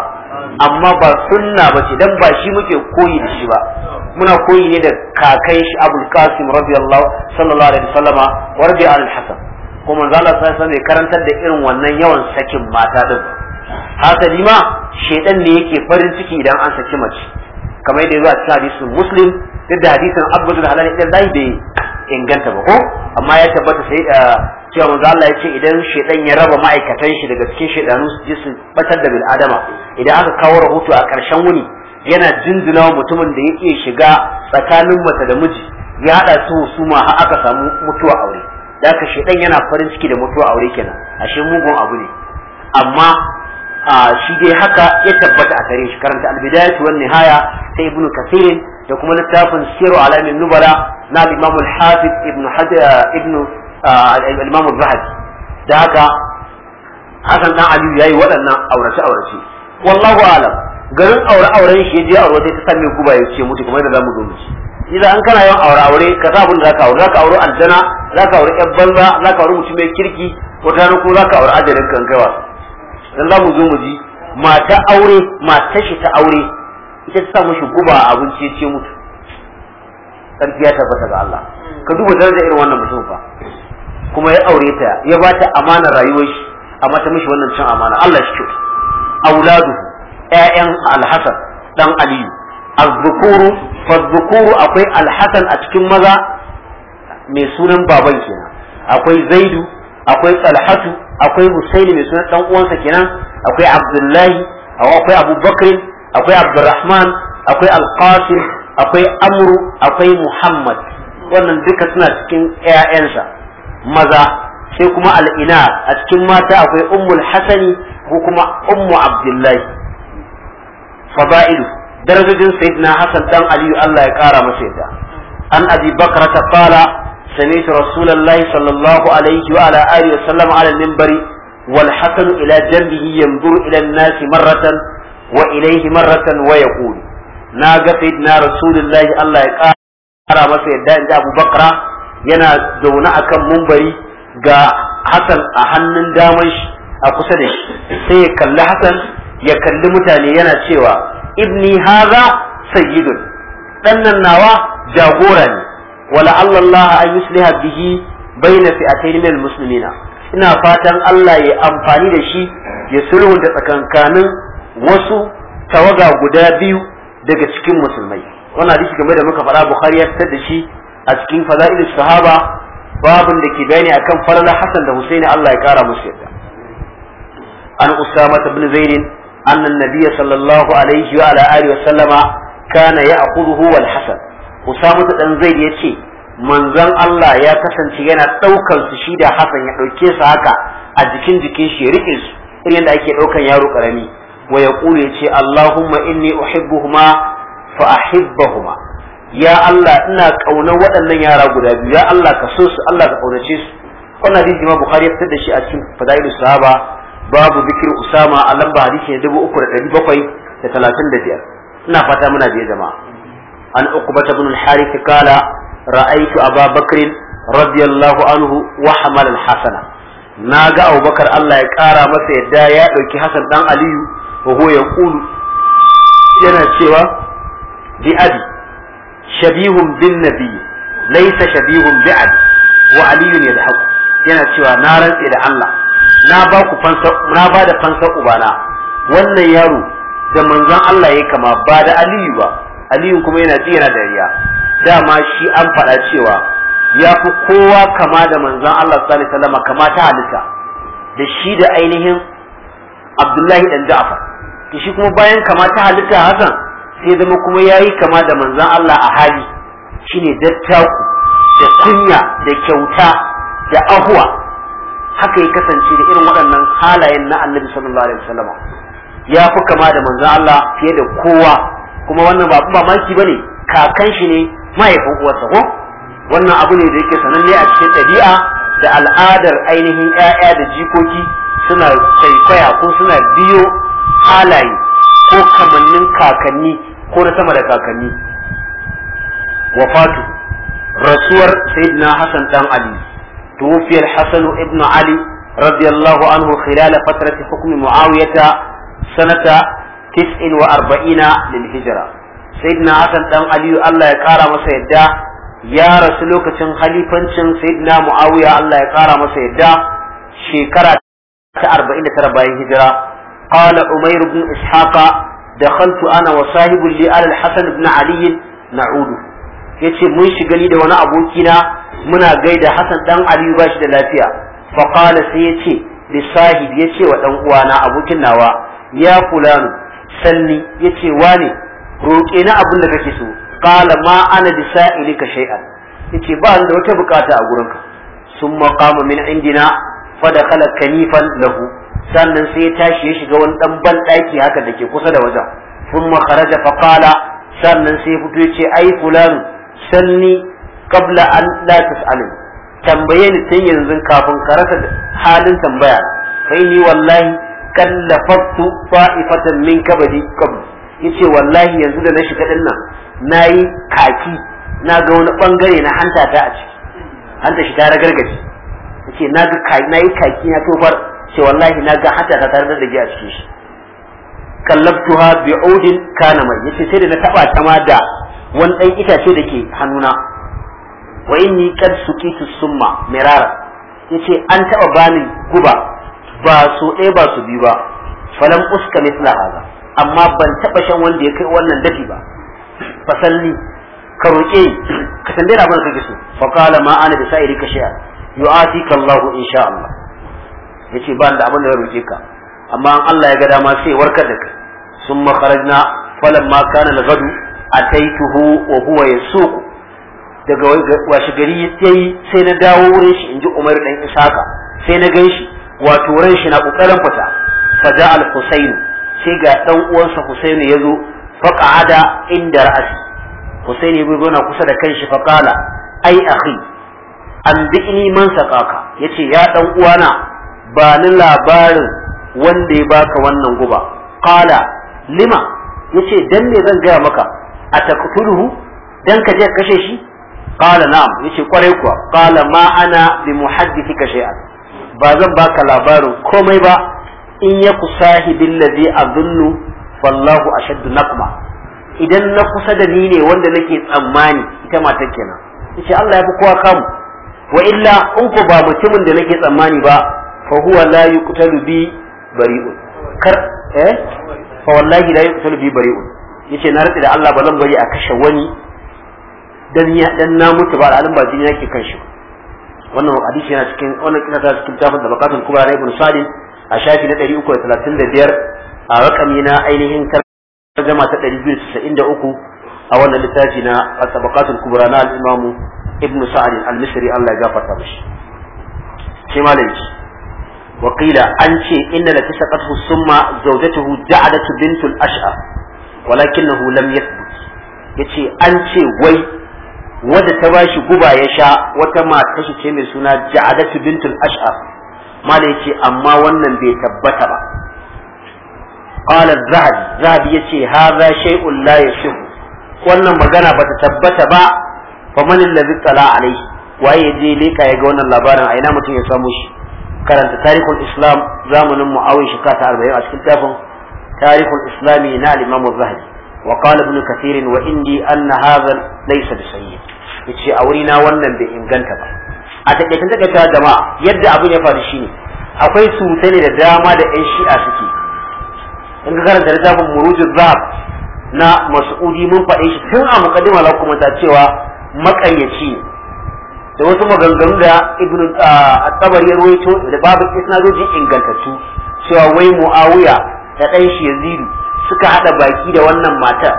amma ba sunna ba ce dan ba shi muke koyi da shi ba muna koyi ne da kakai shi abul qasim radiyallahu sallallahu alaihi wasallama wa al hasan ko manzo Allah sallallahu alaihi karantar da irin wannan yawan sakin mata din hasali ma shedan ne yake farin ciki idan an saki mace kamar yadda zuwa cikin hadisin muslim duk da hadisin abdul halal idan zai bai inganta ba ko amma ya tabbata sai eh, cewa manzo Allah ya ce idan shedan ya raba ma'aikatan shi daga cikin shedanu su je su batar da bil adama idan aka kawo rahoto a karshen wuni yana jinjina mutumin da ya shiga tsakanin mace da miji ya hada su husuma har aka samu mutuwa aure da ka shedan yana farin ciki da mutuwa aure kenan ashe mugun abu ne amma shi dai haka ya tabbata a tare shi karanta albidayatu wan nihaya ta ibnu kathir da kuma littafin siru alami nubala na al-imam al-hafiz ibnu hajar ibnu al-imam al zahabi da haka hasan dan aliyu yayi waɗannan aurace aurace wallahu alam garin aure auren shi je aure sai ta same ku ba ya ce mutu kuma da zamu zo musu idan an kana yawan aure aure ka sa abin da zaka aure zaka aure aljana zaka aure yan banza zaka aure mutum mai kirki wata ranar ko zaka aure ajalin kan kaiwa dan zamu zo mu ji mata aure mata shi ta aure ita ta sa mushi guba a abinci ya ce mutu sarki ya tabbata ga Allah ka duba darajar irin wannan mutum fa kuma ya aure ta ya ba ta amana rayuwar shi amma ta mishi wannan cin amana Allah shi kyau auladu ƴaƴan Alhassan ɗan aliyu azzukuru fazzukuru akwai alhasan a cikin maza mai sunan baban kenan akwai zaidu akwai talhatu akwai husaini mai sunan ɗan uwansa kenan akwai abdullahi akwai abubakar akwai abdurrahman akwai alqasim akwai amru akwai muhammad wannan duka suna cikin ƴaƴansa maza sai kuma al'ina a cikin mata akwai ummul hasani ko kuma ummu abdullahi fada'ilu said na hasan dan aliyu Allah ya kara masa yadda an abi bakra ta qala sami'tu rasulullahi sallallahu alaihi wa ala alihi wa sallam ala minbari wal hasan ila jambihi yanzuru ila an-nas marratan wa ilayhi marratan wa yaqulu na ga sayyidina rasulullahi Allah ya kara masa yadda inda abu bakra yana zaune akan mumbari ga hasan a hannun daman shi a kusa da shi sai ya kalli hasan ya kalli mutane yana cewa ibni haza sayyidun ɗannan nawa jagora ne wala Allah an yusliha bihi baina fi'atayn al muslimina ina fatan Allah ya amfani da shi ya sulhunta tsakankanin wasu tawaga guda biyu daga cikin musulmai wannan hadisi game da muka faɗa Bukhari ya fitar da shi a cikin fada'ilus sahaba babun da ke bayani akan falala Hassan da Husaini Allah ya kara musu yadda an Usama ibn Zaid أن النبي صلى الله a وعلى آله وسلم كان يأخذه والحسن أسامة بن زيد يتي manzon Allah ya kasance yana ɗaukar su da Hassan ya ɗauke su haka a jikin jikin shi rike su irin yadda ake ɗaukan yaro ƙarami wa ya ƙulu ya ce Allahumma inni uhibbuhuma fa ahibbahuma ya Allah ina ƙaunar waɗannan yara guda biyu ya Allah ka so su Allah ka ƙaunace su wannan hadisi ma Bukhari ya fitar da shi a cikin fadailu sahaba babu zikir usama a lamba hadisi ne dubu uku da ɗari bakwai da talatin da biyar ina fata muna biye jama'a an uqbata ibn al-harith ra'aytu aba bakr radiyallahu anhu wa hamal al Na ga abubakar Allah ya kara masa yadda ya ɗauki hasan ɗan aliyu wa huwa kulu. yana cewa bi abi shabihun bin nabi laysa shabihun bi abi wa aliyun yadhaku yana cewa na rantse da Allah na ba ku fansa na ba da fansa ubana wannan yaro da manzon Allah ya kama ba da Aliyu ba Aliyu kuma yana ji yana dariya dama shi an faɗa cewa ya fi kowa kama da manzon Allah sallallahu alaihi wasallam kama ta halitta da shi da ainihin Abdullahi dan Ja'far to shi kuma bayan kama ta halitta Hassan sai zama kuma yayi kama da manzon Allah a hali shine dattaku da kunya da kyauta da ahuwa haka ya kasance da irin waɗannan halayen na annabi sallallahu alaihi wasallam ya fi kama da manzon Allah fiye da kowa kuma wannan ba maki bane kakan shi ne mahaifin uwarsa ko wannan abu ne da yake sananne a cikin ɗabi'a da al'adar ainihin ƴaƴa da jikoki suna kwaikwaya ko suna biyo halaye ko kamannin kakanni ko na sama da kakanni wafatu rasuwar sayyidina hasan dan Ali توفي الحسن ابن علي رضي الله عنه خلال فترة حكم معاوية سنة تسع وأربعين للهجرة سيدنا حسن دان علي الله يقارى مسيدا يا رسولك تن خليفة سيدنا معاوية الله يقارى مسيدا شكرا أربعين ترباين هجرة قال عمير بن إسحاق دخلت أنا وصاحب لي آل الحسن بن علي نعود yace mun shiga ni da wani abokina muna gaida Hassan dan Aliyu ba shi da lafiya fa qala sai yace li sahib yace wa dan uwana abokin nawa ya fulanu sanni yace wane roƙe na abin da kake so qala ma ana bi sa'ilika shay'an yace ba ni da wata bukata a gurinka Sun qama min indina fa dakhala kanifan lahu sannan sai ya tashi ya shiga wani dan ban daki haka dake kusa da wajen summa kharaja fa qala sannan sai ya fito yace ai fulanu sanni Kabla an la tas'alun tambaye ni tun yanzu kafin ka rasa halin tambaya fa ni wallahi kallafatu ta'ifatan min kabadi qabl yace wallahi yanzu da na shiga din nan nayi kaki na ga wani bangare na hanta ta a ciki hanta shi ta ragargaje yace na ga kai nayi kaki na tofar ce wallahi na ga hanta ta tare da a cikin shi kallabtuha bi'udin kana mai yace sai da na taba tama da wani dan itace da ke hannuna wa inni qad suqitu summa mirara yace an taɓa bani guba ba so ɗaya ba su biyu ba falam uska mithla hada amma ban taba shan wanda ya kai wannan dafi ba fasalli ka roƙe ka tambaye abin da kake so fa qala ma ana da sa'iri ka shay'a yu'atika Allah insha Allah yace ba da abin da ya roƙe ka amma an Allah ya ga dama sai warkar da kai summa kharajna falamma kana lagadu ataituhu wa huwa yasuqu daga washe gari ya yi sai na dawo wurin shi in ji umar dan isaka sai na gan shi wato ran shi na kokarin fita saja al sai ga dan uwansa husainu ya zo faqa'ada inda ra'asi husaini ya zo na kusa da kanshi faƙala. ai akhi an bi'ni man sakaka yace ya dan uwana ba ni labarin wanda ya baka wannan guba qala lima yace dan me zan gaya maka a taqtuluhu dan ka je kashe shi qala na'am yace kwarai kuwa qala ma ana bi muhaddithika shay'an ba zan baka labarin komai ba in ya kusahibin ladhi azunnu fallahu ashaddu naqma idan na kusa da ni ne wanda nake tsammani ita matar kenan yace Allah ya fi kowa kamu wa illa in ku ba mutumin da nake tsammani ba fa huwa la yuqtalu bi bari'un kar eh? fa wallahi bi yace na rantsi da Allah ba zan bari a kashe wani dan ya dan na mutu ba alhalin ba jini yake kan shi wannan hadisi yana cikin wannan kisa ta cikin tafsir da bakatul kubra na ibn salim a shafi na 335 a rakami na ainihin tarjama ta 293 a wannan littafi na tabaqatul kubra na al-imam ibn sa'd al-misri Allah ya gafarta mishi sai malai wa qila an ce inna la tasaqathu summa zawjatuhu da'adatu bintul ash'ar walakinahu lam yathbut yace an ce wai wadda ta ba shi guba ya sha wata mata shi ce mai suna ja'adatu bintul ash'ar mala yace amma wannan bai tabbata ba qala Zahab zahabi yace hadha shay'un la yashib wannan magana bata tabbata ba fa man allazi tala alai waye je leka ya ga wannan labarin a ina mutum ya samu shi karanta tarihul islam zamanin muawiya shekara ta 40 a cikin tafin tarihul islami na al-imam zahabi وقال ابن كثير وإني أن هذا ليس بسيء ce a wuri na wannan bai inganta ba a takaitan takaitawa ma yadda abin ya faru shine akwai surutai ne da dama da yan shi'a suke in ka karanta littafin murujin zahab na mas'udi mun faɗe shi tun a muqaddima za ku ta cewa makayyaci da wasu maganganu da ibn at-tabari ya ruwaito da babu isnadoji ingantattu cewa wai muawiya da ɗan shi yazidu suka haɗa baki da wannan matar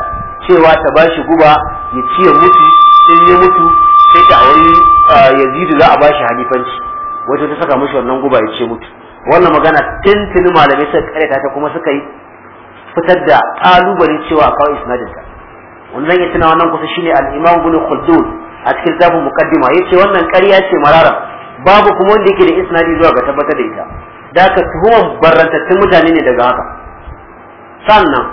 cewa ta bashi shi guba ya ciye mutu in ya mutu sai ta wani ah, yazidu za a bashi halifanci wato ta saka mishi wannan guba ya ce mutu wannan magana tintini malamai suka karyata ta kuma suka yi fitar da kalubale cewa a kawo isnadin ta wannan tuna wannan kusa shine al-imam ibn khuldun a cikin zafin Ya ce wannan karya ce marara babu kuma wanda yake da isnadi zuwa ga tabbatar da ita da ka tuhumar barantattun mutane ne daga haka sannan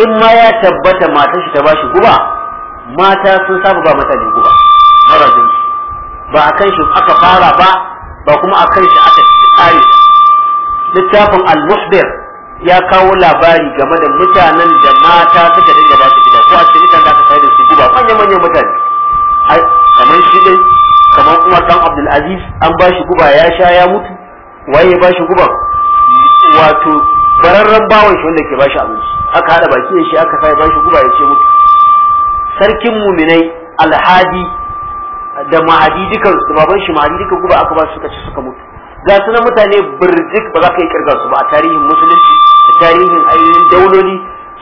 in ma ya tabbata matar shi ta bashi guba mata sun saba ba mata ba guba marajin ba a kan shi aka fara ba ba kuma a kan shi aka tsari littafin al-musbir ya kawo labari game da mutanen da mata suka dinga ba su gida ko a cikin mutanen da aka tsari su guba manyan manyan mutane kamar shi dai kamar kuma dan Abdul Aziz an ba shi guba ya sha ya mutu waye ba shi guba wato bararren bawon shi wanda ke ba shi abinci aka hada baki shi aka sai ba shi guba ya ce mutu sarkin muminai alhadi da mahadi dukan su baban shi mahadi dukan guba aka ba su suka ci suka mutu ga na mutane birjik ba za ka yi kirga su ba a tarihin musulunci a tarihin ainihin dauloli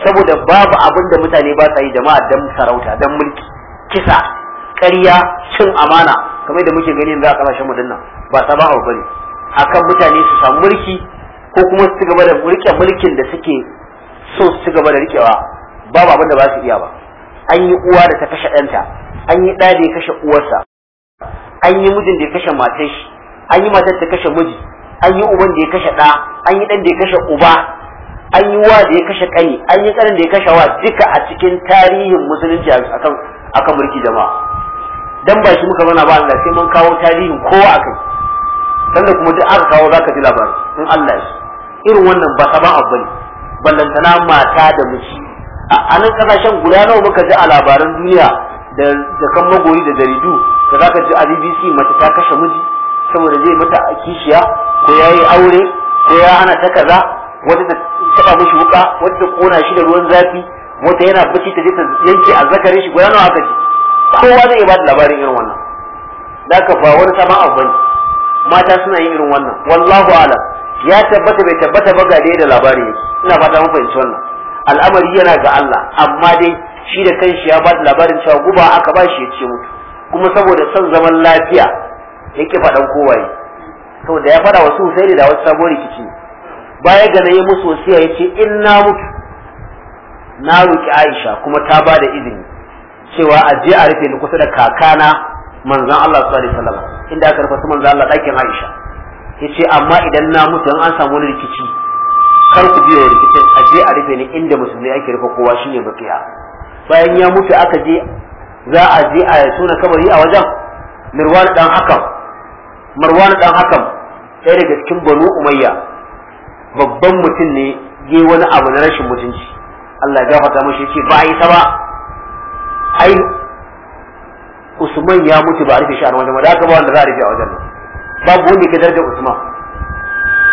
saboda babu abin da mutane ba sa yi jama'a dan sarauta dan mulki kisa ƙarya cin amana kamar da muke gani yanzu a kasashen mu dinnan ba ba ba bane akan mutane su samu mulki ko kuma su ci gaba da rike mulkin da suke so su ci gaba da rikewa babu abin da ba su iya ba an yi uwa da ta kashe ɗanta an yi ɗa da ya kashe uwarsa an yi mijin da ya kashe matar shi an yi matar ta kashe miji an yi uban da ya kashe ɗa an yi ɗan da ya kashe uba an yi wa da ya kashe ƙani an yi ƙanin da ya kashe wa duka a cikin tarihin musulunci akan akan mulki jama'a dan ba shi muka zauna ba Allah sai mun kawo tarihin kowa akai sannan kuma duk aka kawo zaka ji labarin in Allah ya irin wannan ba saban abu ne ballantana mata da miji a nan kasashen guda nawa muka ji a labaran duniya da da kan magori da jaridu da zaka ji a BBC mace ta kashe miji saboda zai mata a kishiya ko yayi aure ko ya ana ta kaza wata ta taba mishi wuka wata ta kona shi da ruwan zafi wata yana bacci ta je ta yanke zakare shi guda nawa aka ji kowa zai ba da labarin irin wannan da ka ba wani sabon abu bane mata suna yin irin wannan wallahu alam ya tabbata bai tabbata ba ga da labarin ina fata mun fahimci wannan al'amari yana ga Allah amma dai shi da kanshi ya bada labarin cewa guba aka ba shi ya ce mutu kuma saboda son zaman lafiya yake faɗan kowaye da ya faɗa wasu sai da wasu sabon rikici baya ga nayi yi musu wasiya ya ce in na mutu na roƙi Aisha kuma ta ba da izini cewa a je a rufe ni kusa da kakana manzon Allah sallallahu alaihi wasallam inda aka rufe manzon Allah ɗakin Aisha yace amma idan na mutu an samu wani rikici kar ku biyo rikicin a je a rufe ni inda musulmi ake rufe kowa shine bakiya bayan ya mutu aka je za a je a tona kabari a wajen mirwan dan hakan marwan dan hakan sai daga cikin banu umayya babban mutum ne ya wani abu na rashin mutunci Allah ya gafarta mashi yace ba yi ta ba ai Usman ya mutu ba a rufe shi a wajen ba da aka ba wanda za a rufe a wajen babu wanda ke darajar Usman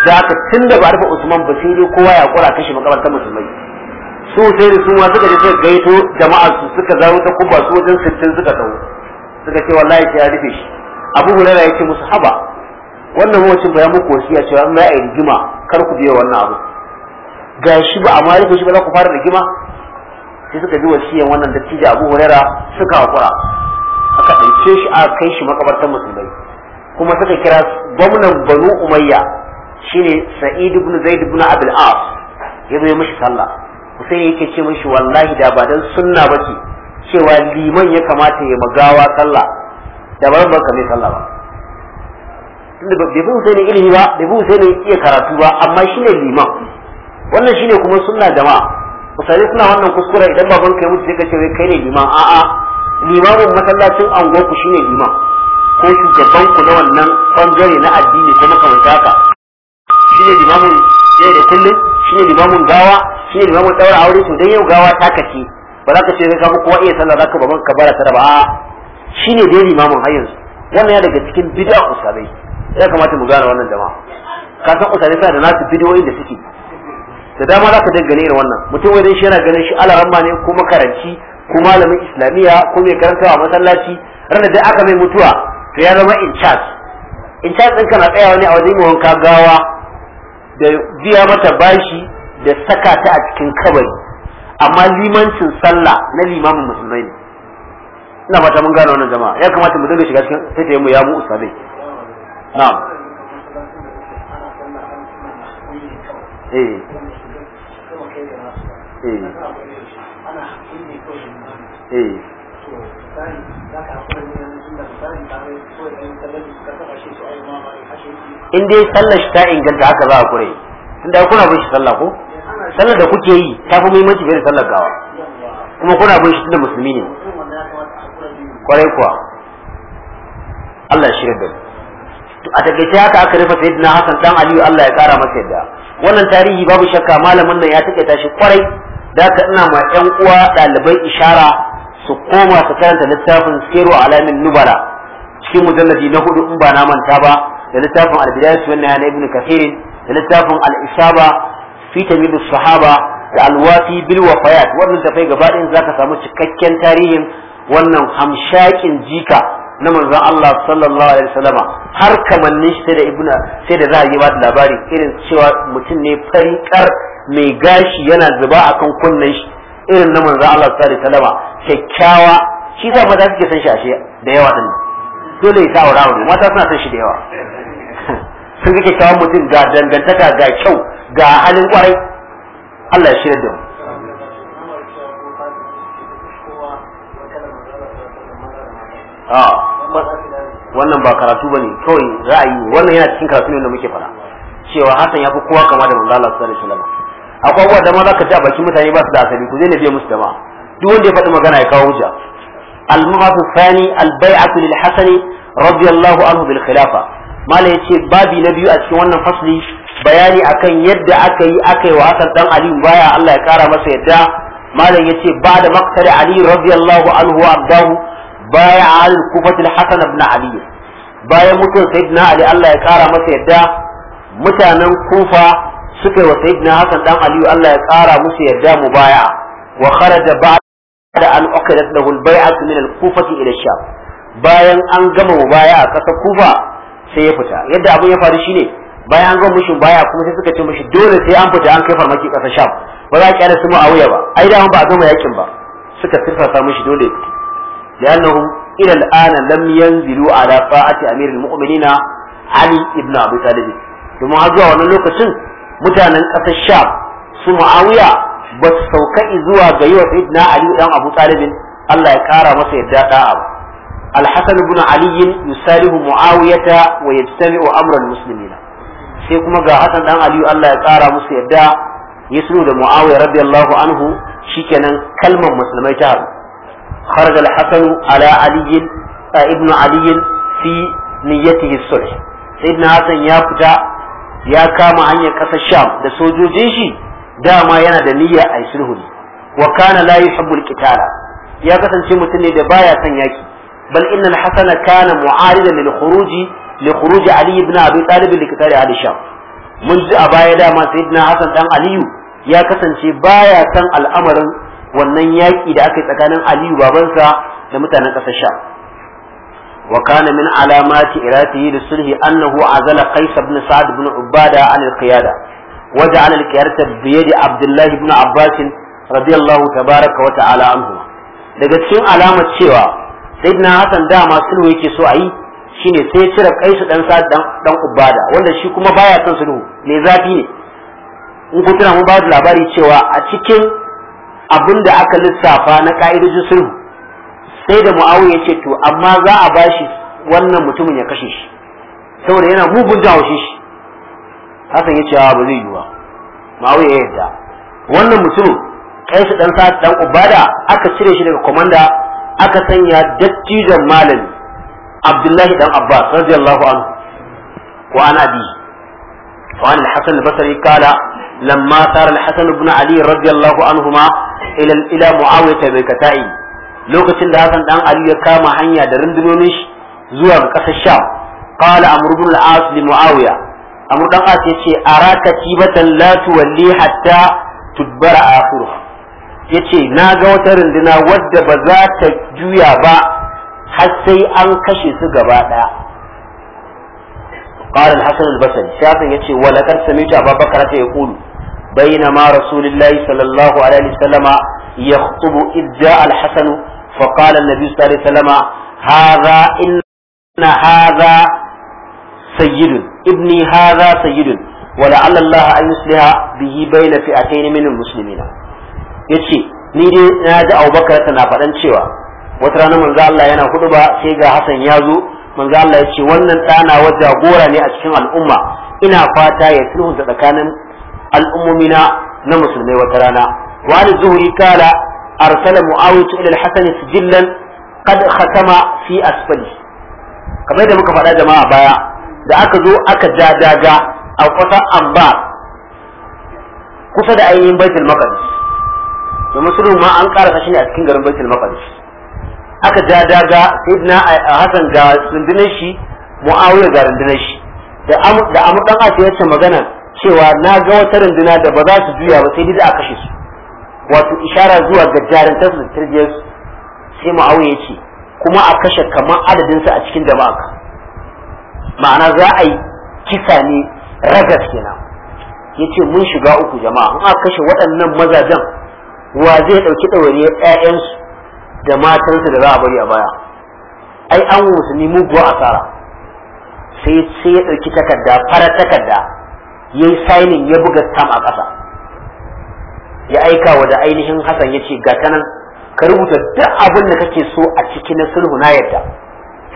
da ka tun da ba rufe Usman ba sai kowa ya kura kashi makabartar musulmai su sai da su ma suka je suka gaito jama'ar su suka zaro ta kuba su wajen sittin suka tsawo suka ce wallahi sai ya rufe shi Abu ya ce musu haba wannan mawacin ba ya muku ya cewa in yi rigima kar ku biya wannan abu ga shi ba a ma rufe shi ba za ku fara rigima sai suka bi wasiyan wannan cije Abu Hurairah suka hakura aka ɗauke shi a kai shi makabartar musulmai kuma suka kira gwamnan Banu Umayya shine sa'id ibn zaid ibn abul as ya zo mishi sallah sai yake ce mishi wallahi da ba dan sunna bace cewa liman ya kamata ya magawa sallah da ba ban ka sallah ba tunda bai bi husaini ilimi ba bai bi husaini iya karatu ba amma shine liman wannan shine kuma sunna jama'a misali suna wannan kuskure idan baban kai mutu sai ka ce wai kai ne liman a'a limamin masallacin anguwar ku shine liman ko shugaban ku na wannan bangare na addini ko makamanta haka shi ne limamin yau da kullum shi ne limamin gawa shi ne limamin daura aure to dan yau gawa ta kace ba za ka ce ka kowa iya sallah za ka ba man kabara ta ba shi ne dai limamin har yanzu wannan ya daga cikin bid'a usabai ya kamata mu gane wannan jama'a ka san usabai sai da nasu bidiyoyin da suke da dama za ka dangane irin wannan mutum wai dan shi yana ganin shi alaramma ne ko makaranci ko malamin islamiyya ko mai a masallaci ranar da aka mai mutuwa to ya zama in charge in charge ɗin kana tsayawa ne a wajen wanka gawa da biya mata bashi da saka ta a cikin kabari amma limancin sallah na limamin musulmai ne ina fata mun gane wannan jama'a ya kamata mu dinga shiga cikin sai mu ya mu usabe na'am eh eh eh in dai sallar shi ta inganta haka za a kure tun da kuna bin shi sallah ko sallar da kuke yi ta fi muhimmanci fiye da sallar gawa kuma kuna bin shi da musulmi ne kwarai kuwa Allah shirya da to a takaice haka aka rufe sayyidina Hassan dan Aliyu Allah ya kara masa yadda wannan tarihi babu shakka malamin nan ya take tashi kwarai da ka ina ma ƴan uwa ɗalibai ishara su koma su karanta littafin sirru Alamin Nubala cikin mujalladi na hudu in ba na manta ba da littafin al-bidayah wa an-nihaya ibn kathir da littafin al-isaba fi tamyiz sahaba da alwafi bil wafayat wannan tafai gaba din zaka samu cikakken tarihin wannan hamshakin jika na manzon Allah sallallahu alaihi wasallama har kamannin shi da ibnu sai da za a yi ba da labari irin cewa mutum ne farikar mai gashi yana zuba akan kunnen shi irin na manzon Allah sallallahu alaihi wasallama kyakkyawa shi sa maza za san shi da yawa din dole ya sa wa mata suna son shi da yawa sun ga kyakkyawan mutum ga dangantaka ga kyau ga halin kwarai Allah ya shirya da mu ah, wannan ba karatu ba ne kawai ra'ayi wannan yana cikin karatu ne da muke fara cewa hasan ya fi kowa kama da manzo Allah sallallahu alaihi wasallam akwai abubuwa da ma za ka ji a bakin mutane ba su da asali ku zai ne biya musu da ma duk wanda ya faɗi magana ya kawo hujja المبحث الثاني البيعة للحسن رضي الله عنه بالخلافة ما لا يتي بابي نبي أتكي وانا فصلي bayani akan yadda aka yi aka yi wa Hassan dan Ali baya Allah ya kara masa yadda malam yace ba da maqtar Ali radiyallahu anhu abdahu baya al kufatil Hassan ibn Ali bayan mutum sayyidina Ali Allah ya kara masa yadda mutanen Kufa suka wa sayyidina Hassan dan Ali Allah ya kara musu yadda mu baya wa da ba da an da da hulbai baiatu min al-kufati ila sham bayan an gama baya a ƙasar kufa sai ya fita yadda abun ya faru shine bayan an gama mushin baya kuma sai suka ce mushi dole sai an fita an kai farmaki ƙasar sham ba za ki su wuya ba ai da ba a gama yakin ba suka sirfasa mushi dole ya fita li'annahum ila al-ana lam yanzilu ala fa'ati amir al ali ibn abi talib domin har zuwa wannan lokacin mutanen kasar sham su muawiya ba su sauka zuwa ga yi wa sayyidina ali dan abu talibin Allah ya kara masa yadda da'a ba الحسن بن علي يساله wa ويجتمع أمر المسلمين sai kuma ga Hassan dan Aliyu Allah ya kara musu yadda ya da Muawiya radiyallahu anhu shikenan kalmar musulmai ta haru kharaj al-Hasan ala Ali ibn Ali fi niyyatihi sulh sayyidina Hassan ya fita ya kama hanyar kasar Sham da sojojin shi dama yana da niyya a sulhu ne wa kana la yuhibbu al-qitala ya kasance mutum ne da baya son yaki bal inna al-hasana kana mu'aridan lil khuruji li khuruj ali ibn abi talib li qitali ahli sham mun ji a baya dama sayyidina hasan dan aliyu ya kasance baya son al'amarin wannan yaki da aka yi tsakanin aliyu babansa da mutanen ƙasar sham وكان من علامات إرادته للصلح أنه عزل قيس بن سعد بن عبادة عن القيادة وجعل الكيارة بيد عبد الله بن عباس رضي الله تبارك وتعالى عنهما daga cikin alamar cewa sayyidina Hassan dama sulhu yake so a yi shine sai cire kaisu dan sa dan ubada wanda shi kuma baya son sulhu ne zafi ne in ku tuna mun ba labari cewa a cikin abin da aka lissafa na ka'idojin sulhu sai da Muawiya ce to amma za a bashi wannan mutumin ya kashe shi saboda yana mugun jawo shi hasan ya ce ba zai yi ba ma'awiya ya yadda wannan mutum kaisu dan sa dan ubada aka cire shi daga komanda aka sanya dattijan malami abdullahi dan abbas radiyallahu anhu wa an abi wa an al-hasan al-basri kala lamma sara al-hasan ibn ali radiyallahu anhuma ila ila muawiya bin kata'i lokacin da hasan dan ali ya kama hanya da rundunonin shi zuwa ga kasar sham qala amr ibn al-as li muawiya abu dan as yace araka tibatan la tuwalli hatta tudbara akhiruha yace na ga wata runduna wadda ba za ta juya ba har sai an kashe su gaba daya قال الحسن البصري شافعي يتي ولقد سمعت ابا بكر يقول بينما رسول الله صلى الله عليه وسلم يخطب اذ جاء الحسن فقال النبي صلى الله عليه وسلم هذا ان هذا sayyidun ibni hadha sayyidun wa la'alla Allah an yusliha bihi bayna fi'atayn min al-muslimina yace ni dai na ji Abubakar na faɗan cewa wata rana manzo Allah yana ba sai ga Hassan ya zo manzo Allah ya ce wannan ɗana wa jagora ne a cikin al'umma ina fata ya sulhunta tsakanin al'ummomina na musulmai watarana wani zuhri zuhuri kala arsala mu'awiyatu ila al-hasan sijillan qad khatama fi asfali kamar da muka faɗa jama'a baya da aka zo aka ja daga a kusa amba kusa da ainihin baitul maqdis da musulun ma an karasa shi ne a cikin garin baitul maqdis aka ja daga sayyidina hasan ga rundunar shi muawiya ga rundunar shi da amu dan ake yace magana cewa na ga wata runduna da ba za su juya ba sai dai a kashe su wato ishara zuwa ga jarantar su da su sai muawiya ya ce kuma a kashe kamar adadinsa a cikin jama'a ma'ana za a yi kisa ne ragas kenan ce mun shiga uku jama'a in aka kashe waɗannan mazajen wa zai ɗauki ɗawari 'ya'yansu da matansu da za a bari a baya ai an musulmi muguwa asara sai sai ya ɗauki takarda fara takarda ya yi sainin ya buga tam a ƙasa ya aika wa da ainihin hasan ya ce ga ta ka rubuta duk abin da kake so a ciki na sulhu na yadda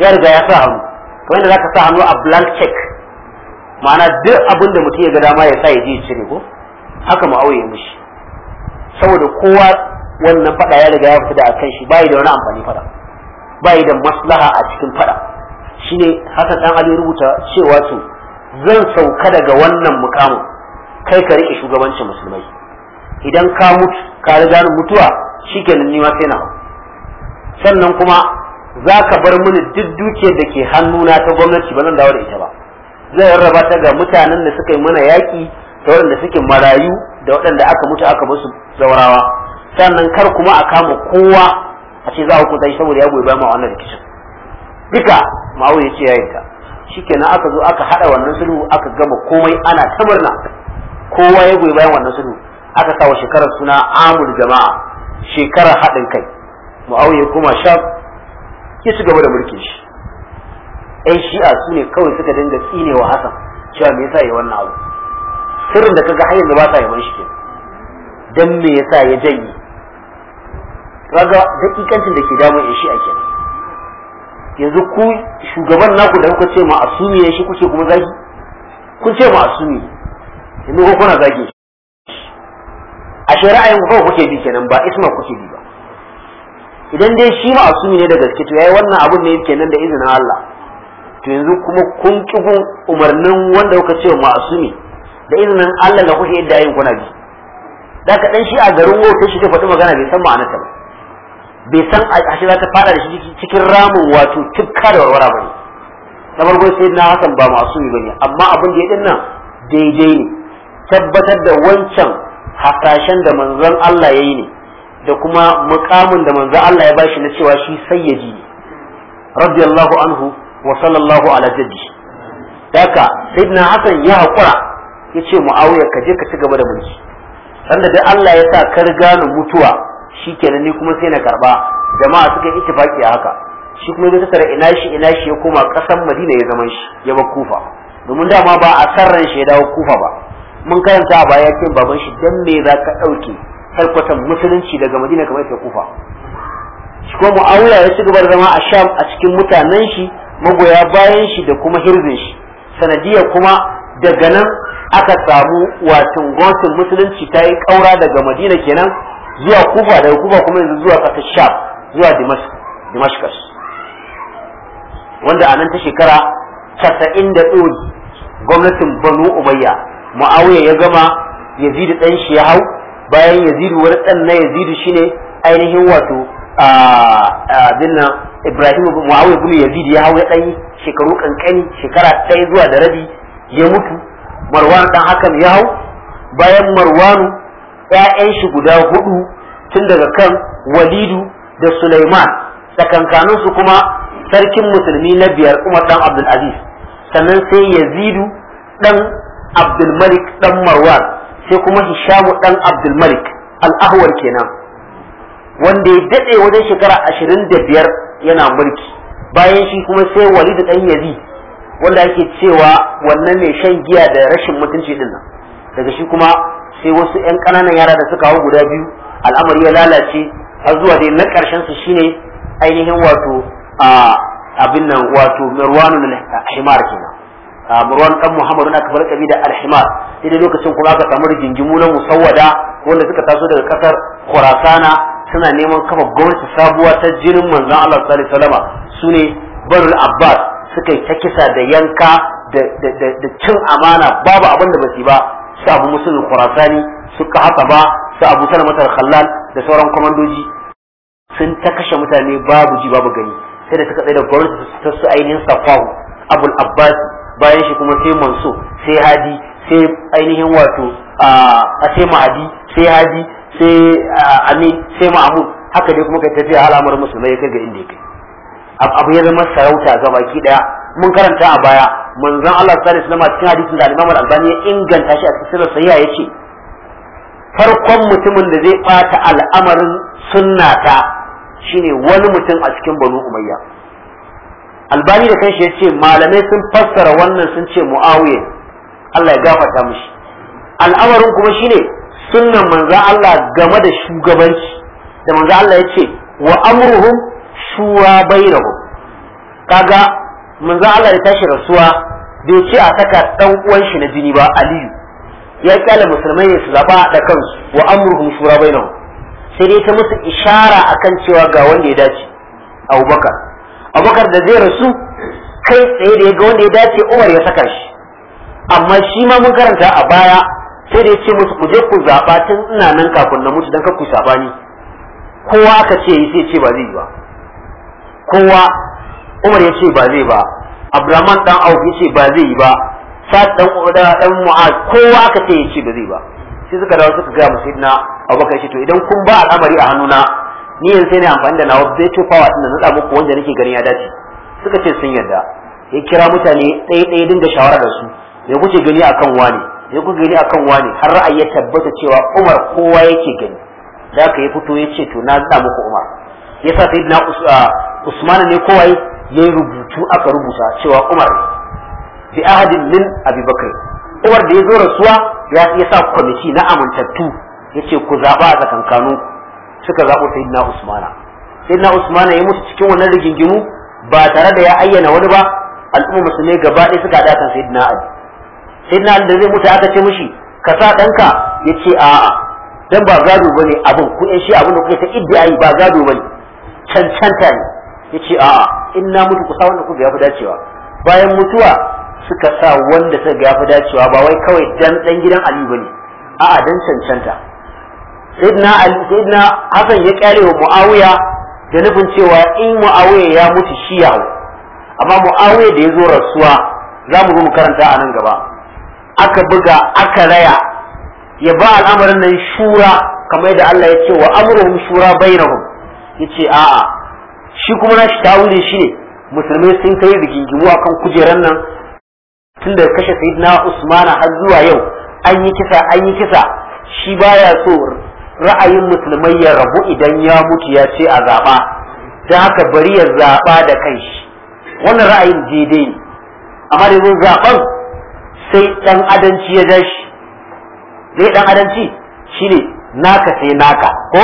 ya riga ya sa hannu wanda ka sa hannu a blank check ma'ana duk abin da mutum ya ga dama ya sa ya je cire ko haka mu auye mishi saboda kowa wannan fada ya riga ya fita da akan shi bai da wani amfani fada bai da maslaha a cikin fada shine haka dan Ali rubuta cewa to zan sauka daga wannan mukamin kai ka rike shugabancin musulmai idan ka mutu ka riga mutuwa shikenan ni ma sai na sannan kuma za ka bar mini duk dukiyar da ke hannuna ta gwamnati ba zan dawo da ita ba zai rarraba ta ga mutanen da suka yi mana yaƙi da waɗanda suke marayu da waɗanda aka mutu aka basu zaurawa sannan kar kuma a kama kowa a ce za a hukunta shi saboda ya goyi bayan wannan rikicin duka ma'au ya ce yayin ta shikenan aka zo aka haɗa wannan sulhu aka gama komai ana ta murna kowa ya goyi bayan wannan sulhu aka sa wa shekarar suna amul jama'a shekarar haɗin kai ya kuma shaf ke su gaba da mulkin shi ɗan shi'a su ne kawai suka dinga tsinewa hasan cewa me yasa ya wannan abu sirrin da kaga har yanzu ba sa yaban shi ke dan me yasa ya janye kaga dakikancin da ke damun ɗan shi'a kenan yanzu ku shugaban naku da kuka ce ma asumi ya shi kuke kuma zagi ku ce ma asumi yanzu ko kuna zagi a shari'a yanzu kawai kuke bi kenan ba isma kuke bi ba idan dai shi ma'asumi ne da gaske to yayi wannan abun ne nan da izinin Allah to yanzu kuma kun kigu umarnin wanda kuka ce ma'asumi da izinin Allah da kuke yadda yin kuna bi da ka dan shi a garin wautar shi ta faɗi magana bai san ma'anarta ba bai san a shi za ta fada da shi cikin ramin wato tukka da warwara ba ne na farko sai na hasan ba ma'asumi ba ne amma abin da ya din nan daidai ne tabbatar da wancan hasashen da manzon Allah ya yi ne da kuma mukamin da manzo Allah ya bashi na cewa shi sayyidi radiyallahu anhu wa sallallahu ala jaddi daka sayyidina hasan ya hakura yace muawiya ka je ka ci gaba da mulki sanda da Allah ya sa ka riga mutuwa shikenan ni kuma sai na karba jama'a suka yi ittifaki a haka shi kuma da tsara ina shi ina shi ya koma kasan Madina ya zaman shi ya bar Kufa domin dama ba a sarran shi ya dawo Kufa ba mun karanta a baya kin baban shi dan me za ka dauke harkwatan musulunci daga madina kamar ta kufa shi kuma mu'awiya ya ci gaba da zama a sham a cikin mutanen shi magoya bayan shi da kuma hirzin shi sanadiya kuma daga nan aka samu watan gwamnatin musulunci ta yi kaura daga madina kenan zuwa kufa daga kufa kuma yanzu zuwa kasa sham zuwa dimashkas wanda a nan ta shekara casa'in da gwamnatin banu umayya mu'awiya ya gama yazidi ɗan shi ya hau bayan yazidu wani ɗan na yazidu shine ainihin wato a ibrahim muawiya bin yazid ya hau ya ɗan shekaru kankani shekara ɗaya zuwa da rabi ya mutu marwan ɗan hakan ya hau bayan marwanu ƴaƴan shi guda hudu tun daga kan walidu da sulaiman su kuma sarkin musulmi na biyar umar ɗan abdulaziz sannan sai yazidu ɗan abdulmalik ɗan marwan sai kuma Hishamu dan Abdul Malik kenan wanda ya dade wajen shekara ashirin da biyar yana mulki bayan shi kuma sai Walid dan yazi wanda yake cewa wannan mai shan giya da rashin mutunci din nan daga shi kuma sai wasu 'yan ƙananan yara da suka hau guda biyu al'amari ya lalace har zuwa dai na ƙarshen su shine ainihin wato a abin nan wato Marwan al-Himar kenan Marwan dan Muhammadu na kafar kabi da al-Himar daidai lokacin kuma aka samu rigingimu na musawada wanda suka taso daga kasar Kurasana suna neman kafa gwamnati sabuwa ta jinin manzon Allah sallallahu alaihi wasallam sune barul abbas suka yi ta kisa da yanka da cin amana babu abin da basu ba su abu musulun kurasani, suka haka ba su abu salamatar khallal da sauran kwamandoji sun ta kashe mutane babu ji babu gani sai da suka tsaye da gwamnati ta su ainihin safahu abul abbas bayan shi kuma sai manso sai hadi sai ainihin wato a sai ma'adi sai haji sai ami sai ma'amu haka dai kuma kai tafiya al'amarin musulmai ya kai ga inda ya kai abu ya zama sarauta ga baki daya mun karanta a baya manzon Allah sallallahu alaihi wasallam cikin hadisin da Imam Al-Albani ya inganta shi a cikin sirrin sahiha yace farkon mutumin da zai bata al'amarin sunna ta shine wani mutum a cikin Banu Umayya Albani da kanshi yace malamai sun fassara wannan sun ce Muawiya Allah ya gafarta mishi al'amarin kuma shine sunnan manzo Allah game da shugabanci da manzo Allah ya ce wa amruhum shuwa bainahum kaga manzo Allah ya tashi rasuwa bai ce a saka dan uwan shi na jini ba Aliyu ya kyale musulmai ne su zaba da kansu wa amruhum shura bainahum sai dai ta musu ishara akan cewa ga wanda ya dace Abubakar Abubakar da zai rasu kai tsaye da ya ga wanda ya dace Umar ya saka shi amma shi ma mun karanta a baya sai da ya ce musu ku je ku zaɓa tun ina nan kafin na mutu don ka ku saɓani kowa aka ce sai ce ba zai yi ba kowa umar ya ce ba zai ba abdurrahman dan auf ya ce ba zai yi ba sa'ad dan dan mu'az kowa aka ce ya ce ba zai ba sai suka dawo suka ga musaidina abubakar ce to idan kun ba al'amari a hannuna ni yanzu sai ne amfani da nawa zai tofa wa na nada muku wanda nake ganin ya dace suka ce sun yarda ya kira mutane ɗaya ɗaya dinga shawara da su me kuke gani akan wani me kuke gani akan wani har ra'ayi ya tabbata cewa Umar kowa yake gani da ka yi fito ya ce to na da muku Umar yasa sai na Usman ne kowa yayi rubutu aka rubuta cewa Umar bi ahadin min Abi Bakr Umar da ya zo rasuwa ya sa kwamiti na amintattu yace ku zaba a tsakankanin suka zabo sayyidina Usmana sayyidina Usman ya mutu cikin wannan rigingimu ba tare da ya ayyana wani ba al'umma musulmai gaba ɗaya suka haɗa kan sayyidina Ali sai na da zai mutu aka ce mishi ka sa danka ya ce a'a dan ba gado ba ne abin ku in shi abun da kuke ta iddiyayi ba gado ba ne cancanta ne ya ce a'a in na mutu ku sa wanda kuka yafi dacewa bayan mutuwa suka sa wanda suka ga yafi dacewa ba wai kawai dan dan gidan Aliyu ba ne a'a dan cancanta sayyidina Ali sayyidina Hassan ya kyale wa Muawiya da nufin cewa in Muawiya ya mutu shi yawo amma Muawiya da ya zo rasuwa za mu zo mu karanta a nan gaba aka buga aka raya ya ba al'amarin nan shura kamar yadda Allah ya ce wa amruhum shura bainahum yace a'a shi kuma nashi shi shine musulmai sun kai rigingimu akan kujeran nan tun da kashe sayyidina Usman har zuwa yau an yi kisa an yi kisa shi baya so ra'ayin musulmai ya rabu idan ya mutu ya ce a zaba dan haka bari ya zaba da kanshi wannan ra'ayin daidai amma da zaban sai dan adanci ya ja shi me dan adanci shine naka sai naka ko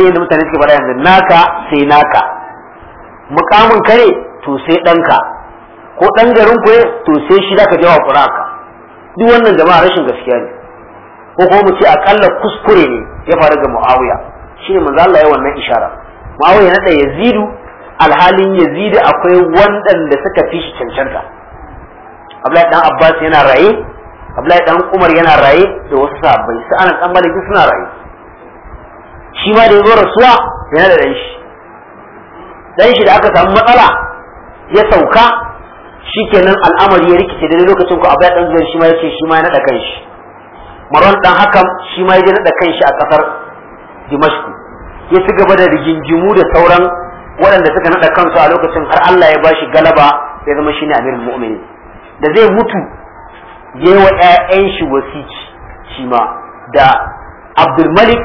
irin da mutane suke faɗa yanzu naka sai naka mukamin kare to sai ɗanka ko ɗan garin ku to sai shi zaka jawa kuraka duk wannan jama'a rashin gaskiya ne ko kuma mu ce akalla kuskure ne ya faru ga Muawiya shine manzo Allah ya wannan ishara Muawiya na da Yazidu alhalin Yazidu akwai wanda suka fi cancanta Abdullahi dan Abbas yana raye Abdullahi dan Umar yana raye da wasu sahabbai su Anas dan Malik suna raye shi ma da yazo rasuwa yana da ɗanshi, Danshi da aka samu matsala ya sauka shikenan al'amari ya rikice da lokacin ku Abdullahi dan Zubair shi ma yace shi ma ya nada kanshi Marwan dan Hakam shi ma ya nada kanshi a kasar Dimashku ya ci gaba da rigingimu da sauran waɗanda suka nada kansu a lokacin har Allah ya bashi galaba ya zama shine amirul mu'minin da zai mutu yayi wa 'ya'yan shi wasici shi ma da Abdul Malik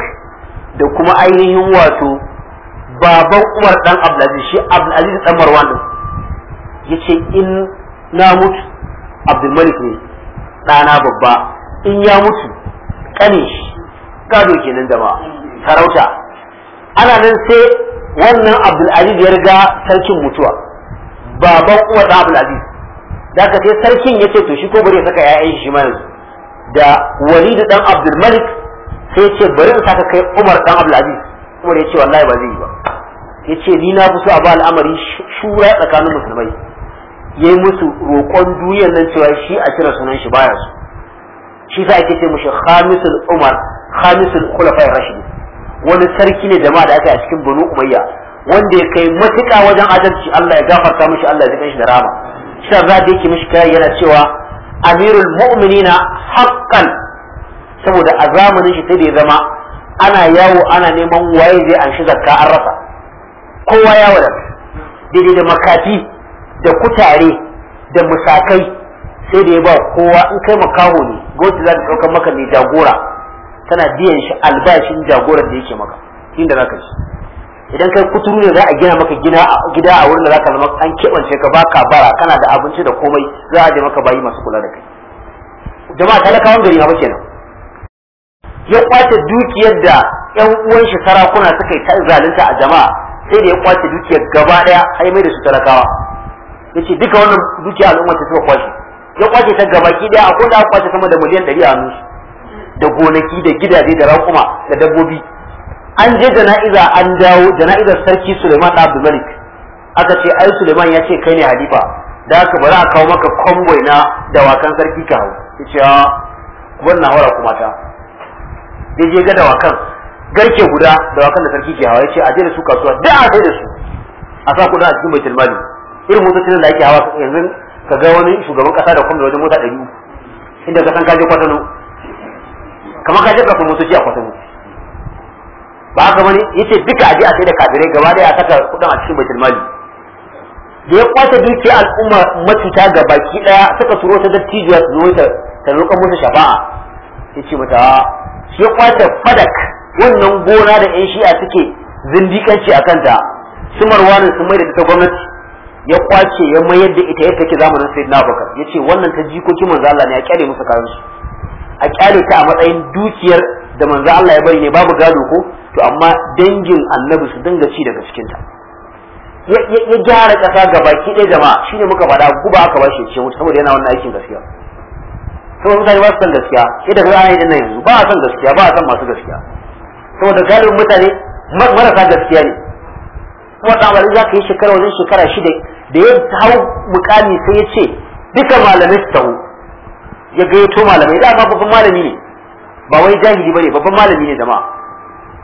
da kuma ainihin wato baban Umar dan Abdulaziz shi Abdulaziz dan Marwan yace in na mutu Abdul Malik ne ɗana babba in ya mutu kane shi gado kenan da ba sarauta ana nan sai wannan Abdulaziz ya riga sarkin mutuwa baban Umar dan Abdulaziz da ka sai sarkin ya ce to shi ko bari ya saka 'ya'yan shi ma yanzu da walidu dan abdul malik sai ce bari in saka kai umar dan abdul umar ya ce wallahi ba zai yi ba ya ce ni na fi so a ba al'amari shura tsakanin musulmai ya yi musu roƙon duniyar nan cewa shi a kira sunan shi baya su shi sa ake ce mushi khamisul umar khamisul khulafai rashid wani sarki ne jama'a da aka yi a cikin banu umayya wanda ya kai matuƙa wajen adalci Allah ya gafarta mushi Allah ya jikan shi da rama sharra yake mishi kai yana cewa amirul mu'minina haqqan saboda a zamanin shi sai zama ana yawo ana neman waye zai shi zakka an rasa kowa ya wadata daidai da makafi da kutare da musakai sai da ya ba kowa in kai makaho ne gwamnati za ta ɗaukar maka mai jagora tana biyan shi albashin jagorar da yake maka inda za ka idan kai kuturu ne za a gina maka gida a wurin da zaka zama an kebance ka ba ka bara kana da abinci da komai za a je maka bayi masu kula da kai jama'a talakawan gari ba kenan ya kwace dukiyar da yan uwan shi sarakuna suka yi zalunta a jama'a sai da ya kwace dukiyar gaba daya har mai da su talakawa yace duka wannan dukiya al'umma ta suka kwace ya kwace ta gaba ki daya akwai da aka kwace sama da miliyan 100 a hannu da gonaki da gidaje da raƙuma da dabbobi an je jana'iza an dawo jana'izar sarki Suleiman Abdul Malik aka ce ai Suleiman ya ce kai ne halifa da aka bari a kawo maka convoy na dawakan sarki ka hau yace a ah, wannan hawara kuma ta je ga dawakan garke guda dawakan da sarki ke hawa yace a je da su kasuwa da a sai da su a sa kudin a cikin baitul mali irin motocin da ake hawa yanzu ka ga wani shugaban kasa da kwamda wajen mota ɗari inda ka san ka je kwatano kamar je kafin motoci a kwatano ba ka bane yace duka aje a sai da kafirai gaba ya saka kudin a cikin baitul mali da ya kwace dukiya al'umma matuta ga baki daya suka turo ta dattijuwa su zo ta ta roƙa musu shafa'a yace mata shi kwace fadak wannan gona da yan shi'a suke zindikanci a kanta su marwanin mai da ta gwamnati ya kwace ya mayar da ita ya take zamanin sayyidina abubakar yace wannan ta jikokin manzo Allah ne ya kyale musu karansu a kyale ta a matsayin dukiyar da manzo Allah ya bari ne babu gado ko to amma dangin annabi su dinga ci daga ta ya gyara ƙasa ga baki ɗaya jama'a shine muka faɗa guba aka bashi ce wuta saboda yana wannan aikin gaskiya saboda mutane ba su san gaskiya idan a yi yin yanzu ba a san gaskiya ba a san masu gaskiya saboda galibin mutane marasa gaskiya ne kuma tsamari za ka yi shekara wajen shekara shida da ya hau mukami sai ya ce duka malamai su tahu ya gayyato malamai da ma babban malami ne ba wai jahili ne babban malami ne jama'a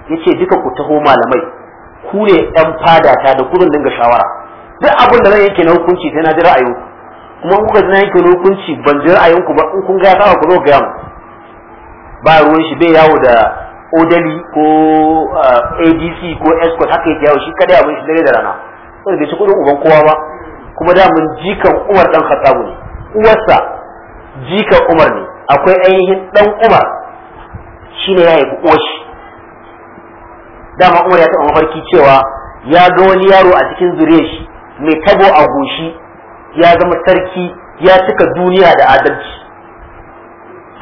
yace duka ku taho malamai ku ne ɗan fadata da kurin dinga shawara duk abin da zan yanke na hukunci sai na ji ra'ayin kuma kuka ji yanke na hukunci ban ji ra'ayin ku ba in kun ga ya ku zo ga mu ba ruwan shi bai yawo da odali ko adc ah, ko escort haka yake yawo shi kada ya shi dare da rana sai bai ci kudin uban kowa ba kuma da mun jikan umar dan khattabu ne uwarsa jikan umar ne akwai ainihin dan umar shine ya haifi uwar shi dama umar ya taɓa mafarki cewa ya ga wani yaro a cikin zure shi mai tabo a goshi ya zama sarki ya cika duniya da adalci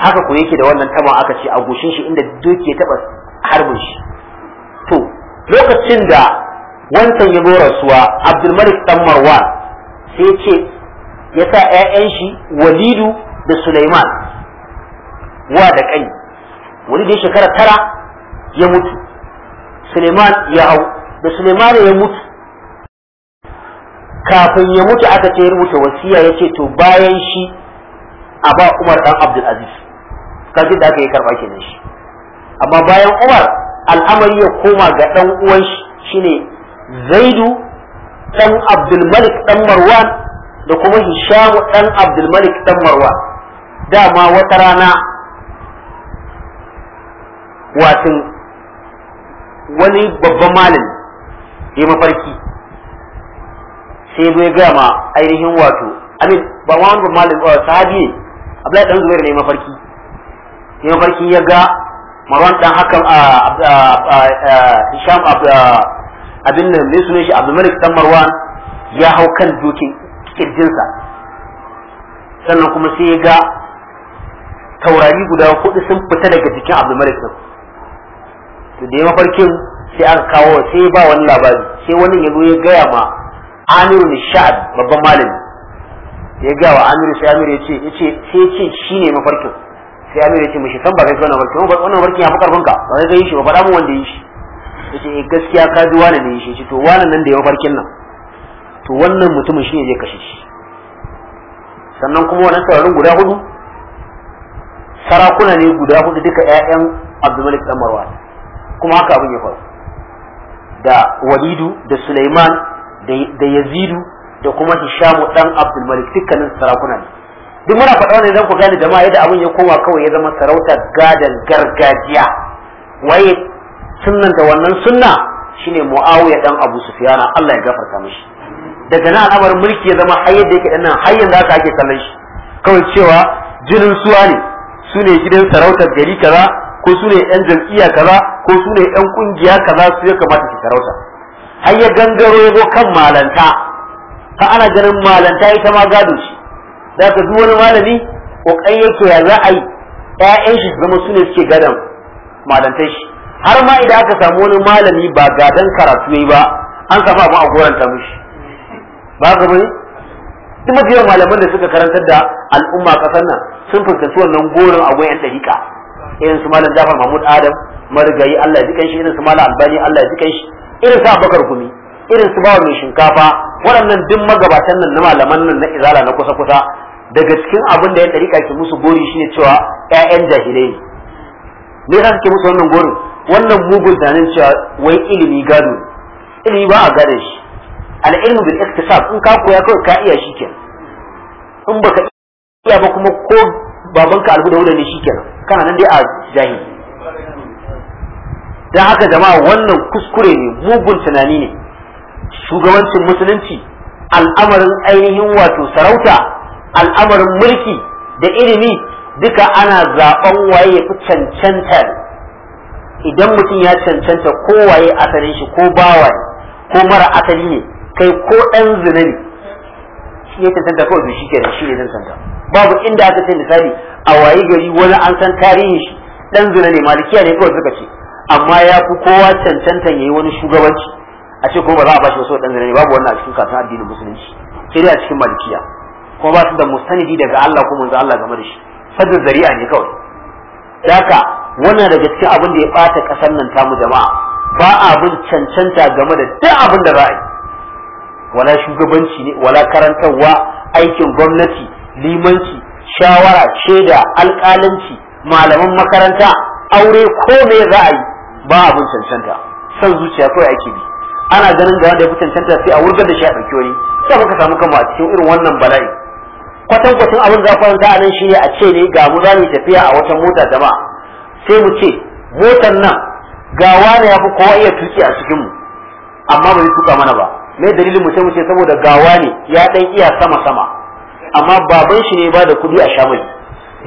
haka ko yake da wannan tabo aka ce a goshin shi inda doki ya taɓa harbin shi to lokacin da wancan ya zo rasuwa abdulmalik dan marwa sai ce ya sa 'ya'yan shi walidu da suleiman wa da kai wani da shekara tara ya mutu Suleiman ya hau da Suleiman ya mutu kafin ya mutu aka ce rubuta wasiya ya ce to bayan shi a ba Umar dan Abdul Aziz kaji da aka yi karba kenan shi amma bayan Umar al'amari ya koma ga dan uwan shi shine Zaidu dan Abdul Malik dan Marwan da kuma Hisham dan Abdul Malik dan Marwan dama wata rana watin wani babban malin ya mafarki sai zai gaya ma ainihin wato amin ba wani wani malin ba sahabi ne abdullahi dan zubair ne mafarki ya mafarki ya ga marwan dan hakan hisham abin nan ne sunan shi abdulmalik dan marwan ya hau kan dokin kirjinsa sannan kuma sai ya ga taurari guda hudu sun fita daga jikin abdulmalik din to da ya mafarkin sai aka kawo sai ba wani labari sai wani ya ya gaya ma amiru nishad babban malami ya gaya wa amiru sai amiru ya ce ya ce sai ce shi ne mafarkin sai amiru ya ce mashi san ba kai wannan mafarkin wannan mafarkin ya fi karfin ka ba zai yi shi ba faɗa mun wanda ya yi shi ya ce eh, gaskiya ka ji wani ne ya shi to wani nan da ya mafarkin nan to wannan mutumin shi ne zai kashe shi sannan kuma wannan sararin guda hudu sarakuna ne guda hudu duka 'ya'yan abdulmalik dan marwan kuma haka abin ya faru da walidu da suleiman da yazidu da kuma hishamu dan abdul malik dukkanin sarakuna ne duk muna faɗa ne, zan ku gane ma yadda abin ya koma kawai ya zama sarauta gadan gargajiya waye sunnan da wannan sunna shine muawiya dan abu sufyana Allah ya gafarta mishi daga nan al'amarin mulki ya zama har yadda yake dan nan har yanzu haka ake kallon shi kawai cewa jinin suwa ne su ne gidan sarautar gari kaza ko su ne yan jam'iyya kaza ko su ne yan kungiya kaza su ya kamata su sarauta har ya gangaro ya kan malanta ka ana ganin malanta ita ma gado shi da ka duk wani malami kokai yake ya za a yi ƴaƴan shi zama su ne suke gadan malantai shi har ma idan aka samu wani malami ba gadon karatu ne ba an samu abu a goranta mushi ba ka bane duk mafiyan malaman da suka karantar da al'umma kasar nan sun fuskanci wannan goron a goyon ɗariƙa irin su malam Jafar Mahmud Adam marigayi Allah ya jikan shi irin su malam Albani Allah ya jikan shi irin su Abubakar Gumi irin su bawa mai shinkafa waɗannan duk magabatan nan na malaman nan na izala na kusa kusa daga cikin abin da ya ɗarika ke musu gori shine cewa ƴaƴan jahilai ne me yasa suke musu wannan gorin wannan mugun tunanin cewa wai ilimi gado ilimi ba a gadon shi al-ilmu bil iktisab in ka koya kawai ka iya shi kenan in baka iya ba kuma ko Baban ka albu da wula ne shikenan kana nan dai a jahi dan haka jama'a wannan kuskure ne mugun tunani ne shugabancin musulunci al'amarin ainihin wato sarauta al'amarin mulki da ilimi duka ana zaben waye ya fi cancanta idan mutum ya cancanta ko waye asalin shi ko bawa ko mara asali ne kai ko ɗan zinani ne shi ya cancanta kawai shi ke shi ne cancanta babu inda aka ce misali a waye gari wani an san tarihin shi dan zuna ne malikiya ne kawai suka ce amma ya fi kowa cancantan yayi wani shugabanci a ce kuma ba za a bashi wasu dan zuna ne babu wannan a cikin kasan addinin musulunci sai dai a cikin malikiya kuma ba su da mustanidi daga Allah ko manzo Allah game da shi sadar zari'a ne kawai daka wannan daga cikin abin da ya bata kasar nan tamu jama'a ba abin cancanta game da duk abin da za a yi wala shugabanci ne wala karantarwa aikin gwamnati limanci shawara shaida alƙalanci malaman makaranta aure ko me za a yi ba abin cancanta San zuciya kawai ake bi ana ganin ga wanda ya fi cancanta sai a wurgar da shi a ɗauki wani sai muka samu kama a cikin irin wannan bala'i kwatan kwatan abin da za a nan ne a ce ne ga mu za mu tafiya a wata mota jama'a sai mu ce motar nan ga wani ya fi kowa iya tuki a cikin mu amma bai tuka mana ba me dalilin mu sai mu ce saboda gawa ne ya ɗan iya sama sama amma baban shi ne ba da kuɗi a sha mai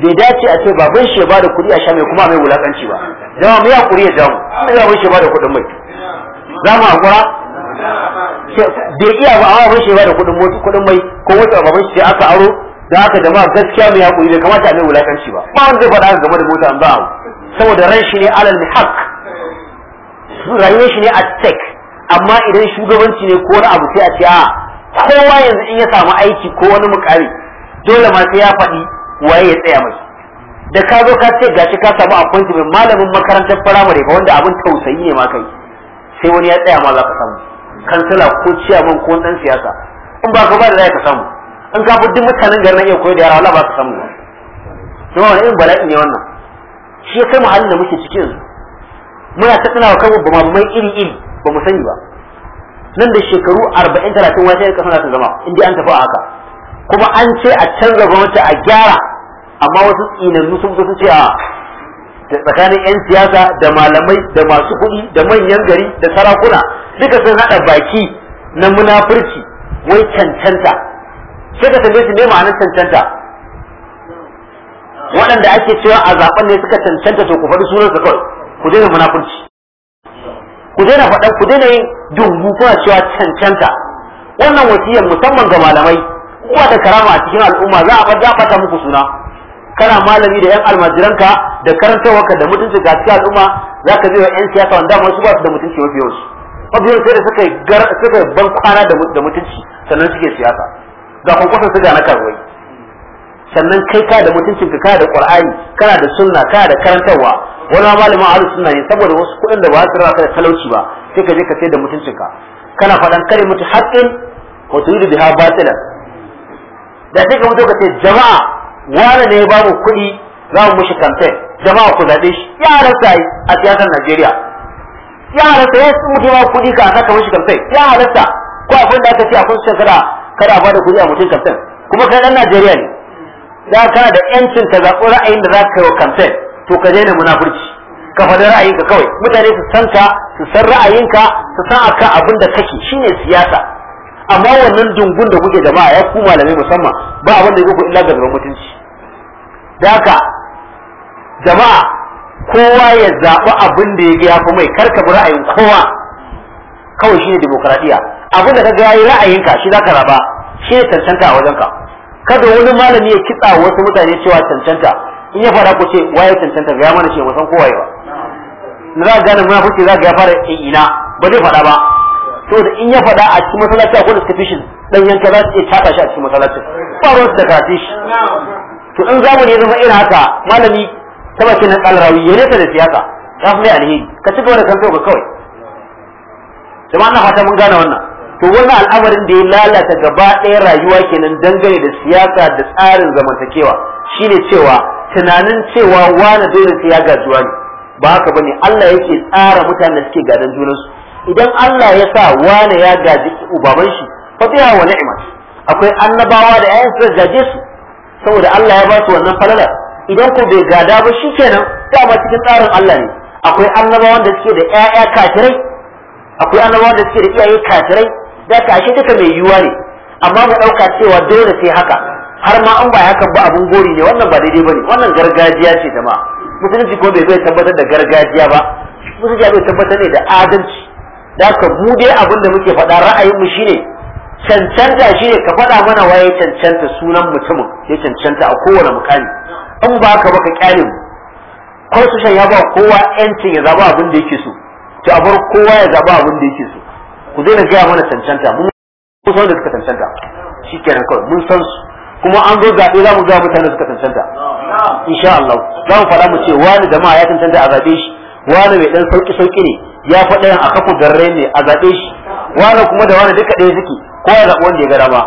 bai dace a ce baban shi ba da kuɗi a sha mai kuma mai wulakanci ba dama mu hakuri ya damu ina baban shi ba da kuɗin mai za mu hakura bai iya ba amma baban shi ba da kuɗin mota kuɗin mai ko wata baban shi sai aka aro da aka jama'a gaskiya mu ya kuri bai kamata a mai wulakanci ba ba wanda zai faɗa game da mota an ba saboda ran shi ne alal haq rayuwar shi ne a tek amma idan shugabanci ne ko wani abu sai a ce a kowa yanzu in ya samu aiki ko wani mukari dole ma sai ya faɗi waye ya tsaya mai da ka zo ka ce gashi ka samu appointment malamin makarantar firamare ba wanda abin tausayi ne ma kai sai wani ya tsaya ma za ka samu kansila ko ciyaman ko dan siyasa in ba ka ba da ka samu in ka fi duk mutanen garin iya koyo da yara wala ba ka samu to wannan irin bala'i ne wannan shi ya kai muhallin da muke cikin muna ta tunawa kanmu ba mai iri iri ba mu sani ba nan da shekaru arba'in talatin wata ya kasa ta zama in an tafi a haka kuma an ce a canza gwamnati a gyara amma wasu tsinannu sun sun ce a tsakanin 'yan siyasa da malamai da masu kuɗi da manyan gari da sarakuna duka sun haɗa baki na munafurci wai cancanta sai ka tambaye su ne ma'anar cancanta waɗanda ake cewa a zaɓen ne suka cancanta to ku faɗi sunan sunansa kawai ku daina munafurci ku daina faɗan ku daina yin dungu kuna cewa cancanta wannan wasiyar musamman ga malamai kuma da karama a cikin al'umma za a fata muku suna kana malami da yan almajiranka da karantarwarka da mutunci ga cikin al'umma za ka zai wa yan siyasa wanda su ba su da mutunci mafi yawansu mafi yawansu da suka yi ban kwana da mutunci sannan suke siyasa ga kwankwasan su ga na karuwai sannan kai ka da mutuncinka ka da qur'ani kana da sunna kana da karantarwa wani malamin ahlus sunna ne saboda wasu kuɗin da ba su rasa da talauci ba sai ka je ka sayar da mutuncinka kana faɗan kare mutu haƙƙin wa turidu biha batila da sai ka mutu ka ce jama'a wani ne ba mu kuɗi za mu mushi kamfen jama'a ku zaɓe shi ya rasa a siyasar Najeriya ya rasa ya su mutum kuɗi ka saka mishi kamfen ya rasa? ko abin da aka ce a kun shekara kada a bada kuɗi a mutum kamfen kuma kai ɗan Najeriya ne za ka da 'yancin ka zaɓi ra'ayin da za ka yi wa kamfen to ka daina munafurci ka faɗi ra'ayinka kawai mutane su san ka su san ra'ayinka su san akan abin da kake shine siyasa amma wannan dungun da kuke jama'a ya ku malamai musamman ba abin da yake illa gaban mutunci da haka jama'a kowa ya zaɓi abin da yake yafi mai karka bi ra'ayin kowa kawai shine demokradiya abin da kaga yayi ra'ayinka shi zaka raba shi ne cancanta a wajenka kada wani malami ya kitsa wasu mutane cewa cancanta in ya fara ku ce waye cancanta ga mana ce musan kowa ba na za gane munafiki za ga ya fara ina ba zai fada ba to da in ya fada a cikin masallaci akwai discussion dan yanka za su iya tata shi a cikin masallacin ba ruwan su da kafi shi to in mu ne zama irin haka malami ta bakin na kalrawi ya nesa da siyasa ya fi mai alheri ka ci gaba da kan ka kawai jama'a na fata mun gane wannan to wannan al'amarin da ya lalata gaba ɗaya rayuwa kenan dangane da siyasa da tsarin zamantakewa shine cewa tunanin cewa wani dole sai ya gaji wani ba haka bane Allah yake tsara mutanen da suke gadan junansu idan Allah ya sa wani ya gaji ubaban shi fa biya wa ni'ma akwai annabawa da ayyan su gaje su saboda Allah ya ba su wannan falala idan ko bai gada ba shikenan dama cikin tsarin Allah ne akwai annabawa da suke da ƴaƴa kafirai akwai annabawa da suke da iyaye kafirai da ka ashe duka mai yiwuwa ne amma mu ɗauka cewa dole sai haka har ma an ba hakan ba abun gori ne wannan ba daidai bane wannan gargajiya ce jama'a musulunci ko bai bai tabbatar da gargajiya ba musulunci bai tabbatar ne da adalci da ka mu dai abin da muke faɗa ra'ayin mu shine cancanta shine ka faɗa mana waye cancanta sunan mutumin ya cancanta a kowane mukami in ba ka baka kyale mu shan ya ba kowa yancin ya zaba abin da yake so to a bar kowa ya zaba abin da yake so ku daina gaya mana cancanta mun san da suka cancanta shikenan kawai mun san su kuma an zo zaɓe za mu ga mutane suka cancanta insha Allah za mu faɗa mu ce wani jama'a ya cancanta a zaɓe shi wani mai ɗan sauki sauki ne ya faɗa yan a kafu garre ne a zaɓe shi wani kuma da wani duka ɗaya suke ko ya zaɓi wanda ya ga dama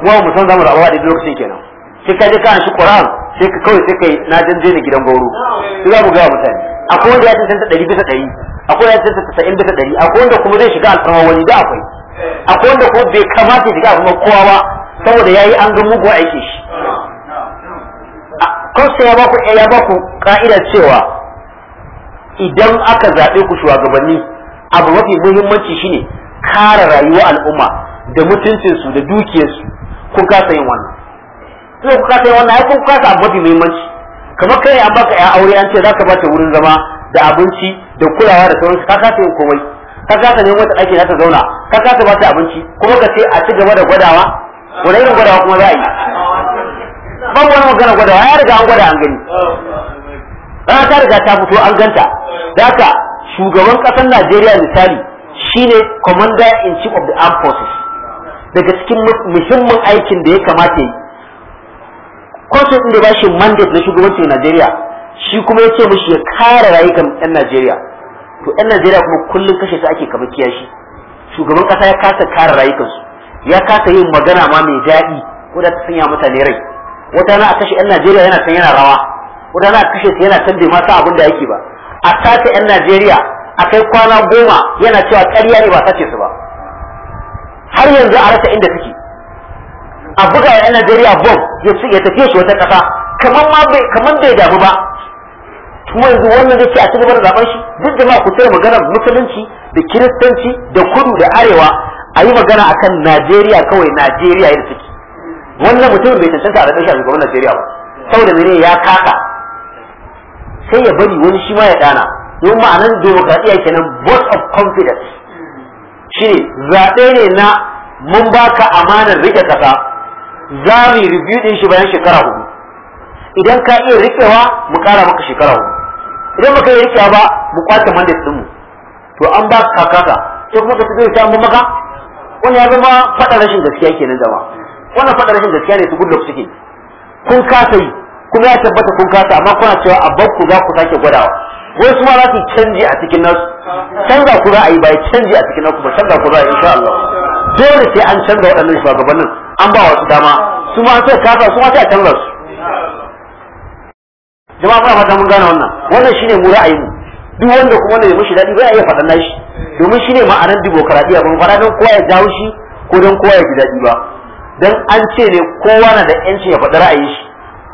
kuma mu san za mu zaɓa da lokacin kenan sai ka je ka shi Qur'an sai ka kawai sai kai na janje ni gidan gauro sai za mu ga mutane akwai wanda ya cancanta ɗari bisa ɗari akwai wanda ya cancanta tasa'in bisa ɗari akwai wanda kuma zai shiga alfarma wani da akwai akwai wanda kuma bai kamata ya shiga alfarma kowa ba saboda yayi an ga mugu aiki shi sai ya baku eh, ya baku ka'ida cewa idan aka zaɓe ku shugabanni abu mafi muhimmanci shine kare rayuwar al'umma da mutuncinsu da dukiyarsu kun kasa yin wannan sai ku kasa yin wannan ai kun kasa abu mafi muhimmanci kamar kai an baka ya aure an ce zaka bata wurin zama da abinci da kulawa da sauransu ka kasa yin komai ka kasa neman wata aiki za ta zauna ka kasa bata abinci kuma ka ce a ci gaba da gwadawa wani irin gwadawa kuma za a yi ban wani magana gwadawa ya riga an gwada an gani rana ta riga ta fito an ganta Za ka shugaban ƙasar najeriya misali shine commander in chief of the armed forces daga cikin muhimmin aikin da ya kamata yi kwanso inda ba shi mandate na shugabancin najeriya shi kuma ya ce mashi ya kare rayukan 'yan najeriya to 'yan najeriya kuma kullum kashe su ake kamar kiyashi shugaban ƙasa ya kasa kare rayukansu ya kasa yin magana ma mai daɗi ko da ta sanya mutane rai wata na a kashe yan Najeriya yana san yana rawa wata na a kashe su yana san bai ma sa abin da yake ba a sace yan Najeriya a kai kwana goma yana cewa ƙarya ne ba sace su ba har yanzu a rasa inda suke a buga ya yan Najeriya bom ya tafiye shi wata ƙasa kamar ma bai kamar bai damu ba kuma yanzu wannan da ke a cikin da zaben shi duk da ma ku tsaye maganar musulunci da kiristanci da kudu da arewa a yi magana akan Najeriya kawai Najeriya yadda take wannan mutumin bai cancanta a rashin shugaban Najeriya ba saboda mene ya kaka sai ya bari wani shi ma ya dana yin ma'anar demokradiyya kenan vote of confidence shi ne, zaɓe ne na mun ba ka amanar rike kasa za mu review din shi bayan shekara hudu idan ka iya rikewa mu kara maka shekara hudu idan baka iya rikewa ba mu kwace mandate din mu to an ba ka kasa sai kuma ka zo samu maka wani ya zama faɗa rashin gaskiya kenan zama wannan faɗa rashin gaskiya ne su goodluck suke kun kasa yi kuma ya tabbata kun kasa amma kuna cewa a bakku za ku sake gwadawa wai su ma za su canji a cikin nasu canza ku za a yi ba canji a cikin nasu ba canza ku za a yi insha Allah dole sai an canza waɗannan shugabannin an ba wasu dama su ma sai kasa su ma sai a canza su jama'a muna fata mun gane wannan wannan shine mu ra'ayin mu duk wanda kuma ne mushi daɗi ba ya iya na nashi domin shi ne ma'anar dimokuraɗiyya ba faɗa don kowa ya jawo shi ko don kowa ya ji daɗi ba don an ce ne kowa na da yanci ya faɗi ra'ayin shi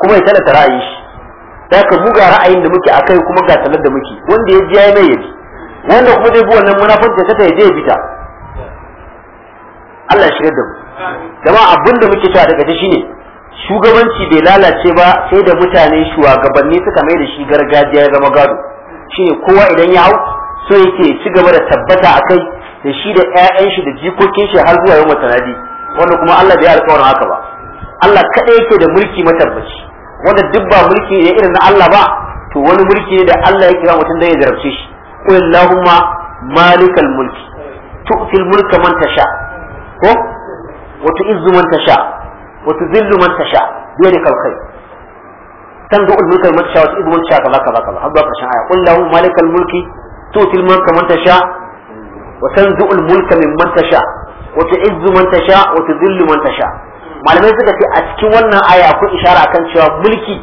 kuma ya talata ra'ayin shi da ka buga ra'ayin da muke akai kuma ga talar da muke wanda ya ji ya mai yaji wanda kuma zai bi wannan munafanci ta ya je ya bita Allah shigar da mu jama'a abin da muke cewa daga shi ne shugabanci bai lalace ba sai da mutane shugabanni suka mai da shi gargajiya ya zama gado shine kowa idan ya hau so yake ci gaba da tabbata a kai da shi da yayan shi da jikokin shi har zuwa yawmul tanadi wanda kuma Allah bai alƙawarin haka ba Allah kaɗai yake da mulki matabbaci wanda duk ba mulki ne irin na Allah ba to wani mulki ne da Allah yake ba mutum da ya zarafce shi qul allahumma malikal mulki tu'til mulka man tasha ko wa izu man tasha wa zillu man tasha biyadikal khair tanzu ulmulka al-mutashawa ibnu mulka kaza kaza kaza har zuwa karshen aya kun lahu malikal mulki tu'til mulka man tasha wa tanzu ulmulka man tasha wa tu'izzu man tasha wa tudhillu man tasha malamai suka ce a cikin wannan aya akwai ishara kan cewa mulki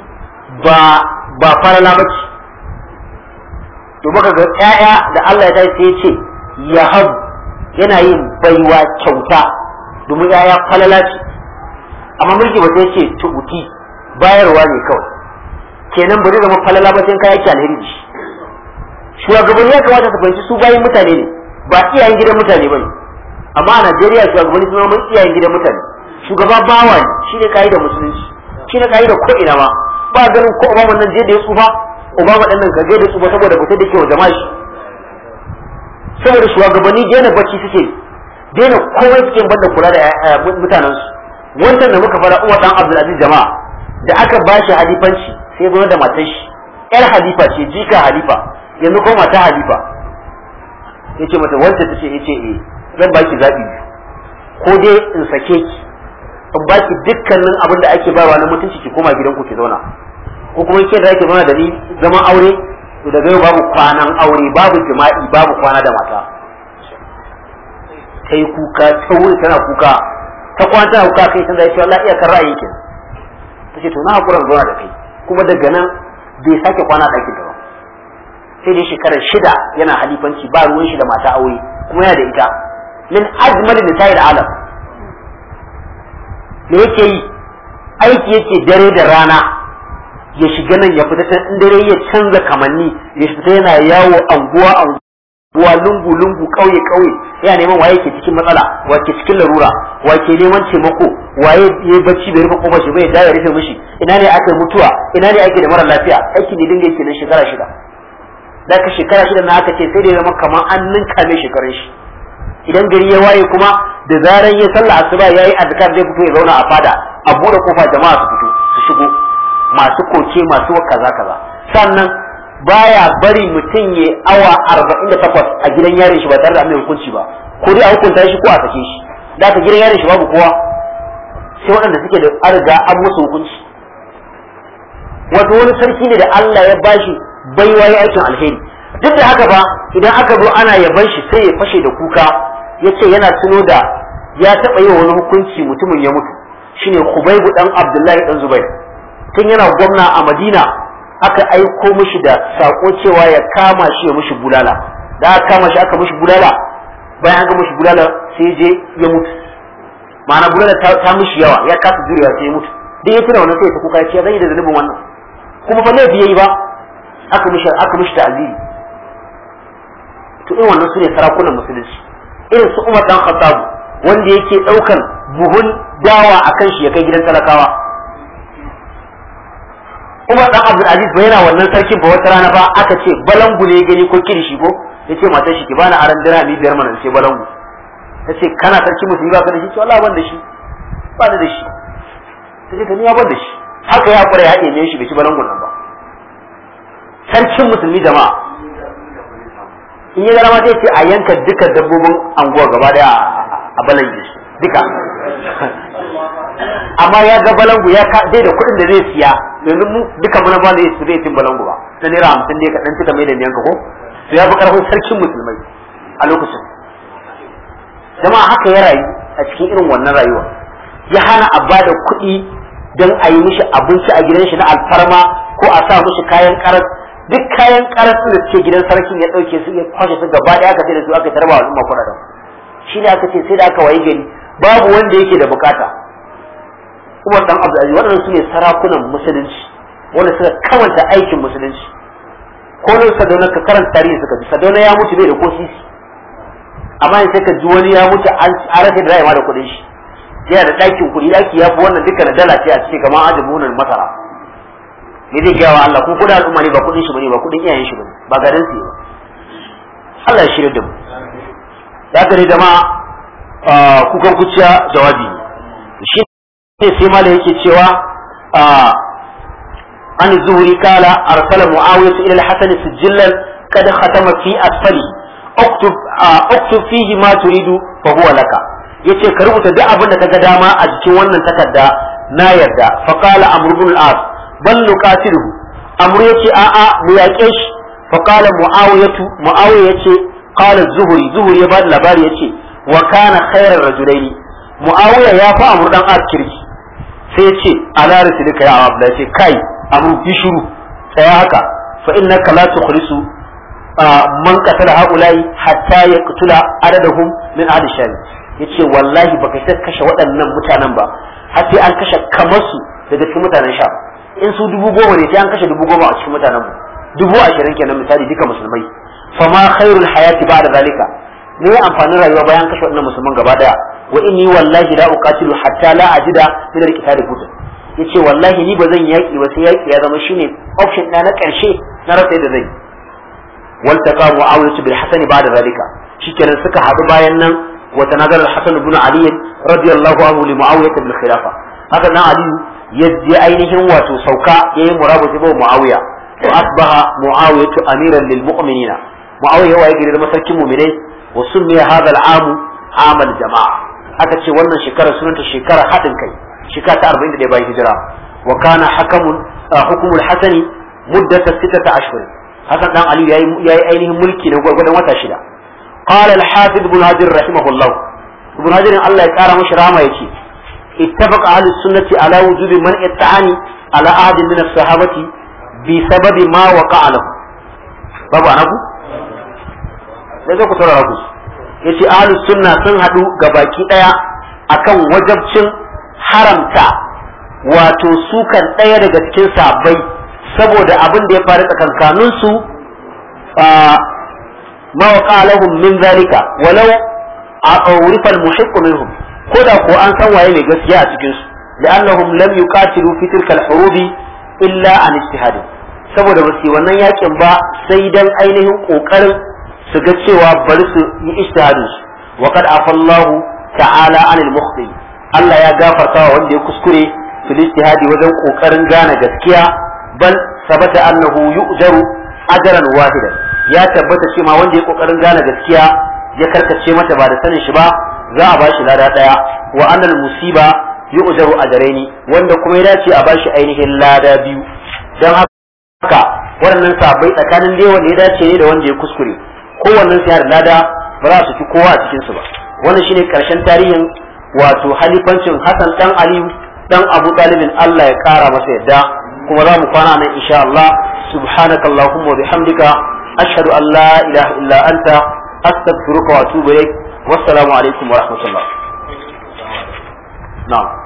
ba ba farala bace to baka ga 'ya'ya da Allah ya ta tashi sai ya ce yahab yana yin baiwa kyauta domin 'ya'ya falala ce amma mulki ba sai ce tu'uti bayarwa ne kawai kenan ba zai zama falala ba sai ka yake alheri shi shugabanni ya kamata su fahimci su bayan mutane ne ba iyayen gidan mutane ba ne amma a Najeriya shugabanni sun zama iyayen gidan mutane shugaba bawa ne shi ne kayi da musulunci shi ne kayi da ko ina ma ba ganin ko Obama nan je da ya tsufa Obama dan nan je da tsufa saboda fitar da ke wa jama'a shi saboda shugabanni daina bacci suke daina komai suke banda kula da mutanensu wancan da muka fara uwa dan Abdulaziz jama'a da aka bashi halifanci sai zo da matan shi yar halifa ce jika halifa yanzu ko mata halifa yace mata wanda ta ce yace eh zan baki zabi ko dai in sake ki in baki dukkanin abin da ake bayarwa na mutunci ki koma gidanku ki zauna ko kuma ke da yake zauna da ni zaman aure to daga yau babu kwanan aure babu jima'i babu kwana da mata kai kuka ta wuri tana kuka ta kwana tana kuka kai tana ce wallahi iya kan ra'ayin tace to na hakura zuwa da kai kuma daga nan bai sake kwana ɗakin ta ba sai dai shekarar shida yana halifanci ba ruwan shi da mata aure kuma yana da ita min ajmal nisa'il alam me yake yi aiki yake dare da rana ya shiga nan ya fita ta dare ya canza kamanni ya fita yana yawo anguwa anguwa lungu lungu kauye kauye yana neman waye ke cikin matsala wake cikin larura wake neman taimako waye ya bacci bai rufe kofar shi bai da ya rufe mishi ina ne aka mutuwa ina ne ake da mara lafiya aiki ne dinga yake nan shekara shida da ka shekara shida na aka ce sai da ya zama kamar an ninka mai shekarun shi idan gari ya waye kuma da zaran ya sallah asuba yayi azkar zai fito ya zauna a fada a bude kofa jama'a su fito su shigo masu koke masu kaza kaza sannan baya bari mutum ya awa 48 a gidan yarin shi ba tare da mai hukunci ba ko dai a hukunta shi ko a sake shi da ka gidan yarin shi babu kowa sai waɗanda suke da arga an musu hukunci wato wani sarki ne da Allah ya bashi baiwa ya aikin alheri duk da haka ba idan aka zo ana yaban shi sai ya fashe da kuka ya ce yana tuno da ya taɓa yi wani hukunci mutumin ya mutu shine Kubaibu dan Abdullahi dan Zubair tun yana gwamna a Madina aka aiko mishi da sako cewa ya kama shi ya mishi bulala da aka kama shi aka mishi bulala bayan aka mishi bulala sai je ya mutu ma'ana gudana ta mushi yawa ya kasa jurewa sai ya mutu duk ya tuna wannan sai ta kuka ya zan yi da zanubin wannan kuma ba laifi yayi ba aka mushi aka mishi ta'aziri to irin wannan sune sarakunan musulunci irin su Umar dan Khattab wanda yake daukan buhun dawa akan shi ya kai gidan talakawa Umar dan Abdul Aziz bai yana wannan sarkin ba wata rana ba aka ce balangu ne gani ko kirishi ko yace matar shi ki bani aran dirami biyar mana sai balangu ce kana sarki musulmi ba ka da shi to Allah ban da shi ba da shi ta ce ni ba ban da shi haka ya kware ya neme shi bai ci balangun nan ba sarkin musulmi jama'a in ya zama zai ce a yanka duka dabbobin anguwa gaba daya a shi duka amma ya ga balangu ya dai da kuɗin da zai siya domin mu duka muna ba zai zai cin balangu ba na naira hamsin dai kaɗan cika mai da niyanka ko su ya fi ƙarfin sarkin musulmai a lokacin jama'a haka ya rayu a cikin irin wannan rayuwa ya hana a bada kuɗi don a yi mishi abinci a gidan shi na alfarma ko a sa mishi kayan karas duk kayan karas da suke gidan sarkin ya ɗauke su ya kwashe su gaba ɗaya aka ce da su aka tarba al'umma da shi ne aka ce sai da aka waye gari babu wanda yake da bukata kuma dan abu Aziz wannan su ne sarakunan musulunci wanda suka kawanta aikin musulunci ko ne Sadona ka karanta tarihi suka ji Sadona ya mutu bai da ko sisi amma sai ka ji wani ya mutu an rasa da ma da kuɗin shi yana da ɗakin kuɗi ɗaki ya fi wannan duka na dala ce a cikin kamar ajibunan masara me zai gaya wa Allah ko kuɗin al'umma ne ba kuɗin shi bane ba kuɗin iyayen shi bane ba garin su ba Allah ya shirya da mu ya da ma kukan kuciya jawabi shi ne sai mala yake cewa an zuhuri kala arsala muawiya ila al-hasan sijillan kada khatama fi asfali uktub fihi ma turidu fa huwa laka yace ka rubuta duk abin da kaga dama a cikin wannan takarda na yarda fa qala amr ibn al-as bal nuqatiluhu amr yace a a mu yaƙe shi fa qala muawiyatu muawiya yace qala zuhri zuhri ya bada labari yace wa kana khairar rajulaini muawiya ya fa amr dan as kirki sai yace ala rasulika ya abdullahi kai amr bi shuru tsaya haka fa innaka la tukhlisu man qatala haulai hatta ya yaqtula adadahum min ahli shari yace wallahi baka sai kashe waɗannan mutanen ba har sai an kashe kamar su daga cikin mutanen sha in su dubu goma ne sai an kashe dubu goma a cikin mutanen mu dubu ashirin kenan misali duka musulmai Fa ma khairul hayati ba'da zalika me ya amfanin rayuwa bayan kashe waɗannan musulman gaba daya wa inni wallahi la uqatilu hatta la ajida min al-qitali kutub yace wallahi ni ba zan yaki ba sai yaki ya zama shine option na na ƙarshe na rasa da zai والتقى معاوية بالحسن بعد ذلك شكرا سكا حبا ينن وتنازل الحسن بن علي رضي الله عنه لمعاوية بالخلافة هكذا علي يزي أينهم وتسوكا يهي مرابط بو معاوية وأصبح معاوية أميرا للمؤمنين معاوية هو يجري لمسرك مؤمنين وسمي هذا العام عام الجماعة aka ce wannan shekarar sunanta shekarar haɗin kai shekara ta 41 bayan hijira wa kana hakamun hukumul hasani muddata 6 ashhur hasan dan aliyu yayi yayi ainihin mulki na gwargwadon wata shida qala al hafid ibn hajar rahimahullah ibn hajar Allah ya kara mashi rama yake ittafaqa ahli sunnati ala wujubi man ittani ala ahadin min as-sahabati bi sababi ma waqa'a lahu babu anaku sai ku tsara ku yace ahli sunna sun hadu gabaki daya akan wajabcin haramta wato sukan daya daga cikin sabai saboda abin da ya faru tsakankanin su ma min zalika walau a urifa al minhum ko da ko an san waye mai gaskiya a cikin su li'annahum lam yuqatilu fi tilka illa an ijtihad saboda ba su wannan yakin ba sai dan ainihin kokarin su ga cewa bari su yi ijtihadin su wa qad afallahu ta'ala anil mukhti Allah ya gafarta wa wanda ya kuskure fil ijtihadi wajen kokarin gane gaskiya bal sabata annahu yu'jaru ajran wahidan ya tabbata cewa wanda ya kokarin gane gaskiya ya karkace mata ba da sanin shi ba za a bashi lada daya wa annal musiba yu'jaru ajraini wanda kuma ya dace a bashi ainihin lada biyu dan haka waɗannan sabai tsakanin dai wanda ya dace ne da wanda ya kuskure wannan sai lada ba za su fi kowa a cikin su ba wannan shine karshen tarihin wato halifancin Hassan dan Aliyu dan Abu Talibin Allah ya kara masa yadda kuma za mu kwana nan insha Allah subhanaka allahumma wa bihamdika ashhadu an la ilaha illa anta astaghfiruka wa atubu ilaik wassalamu alaikum wa rahmatullah na'am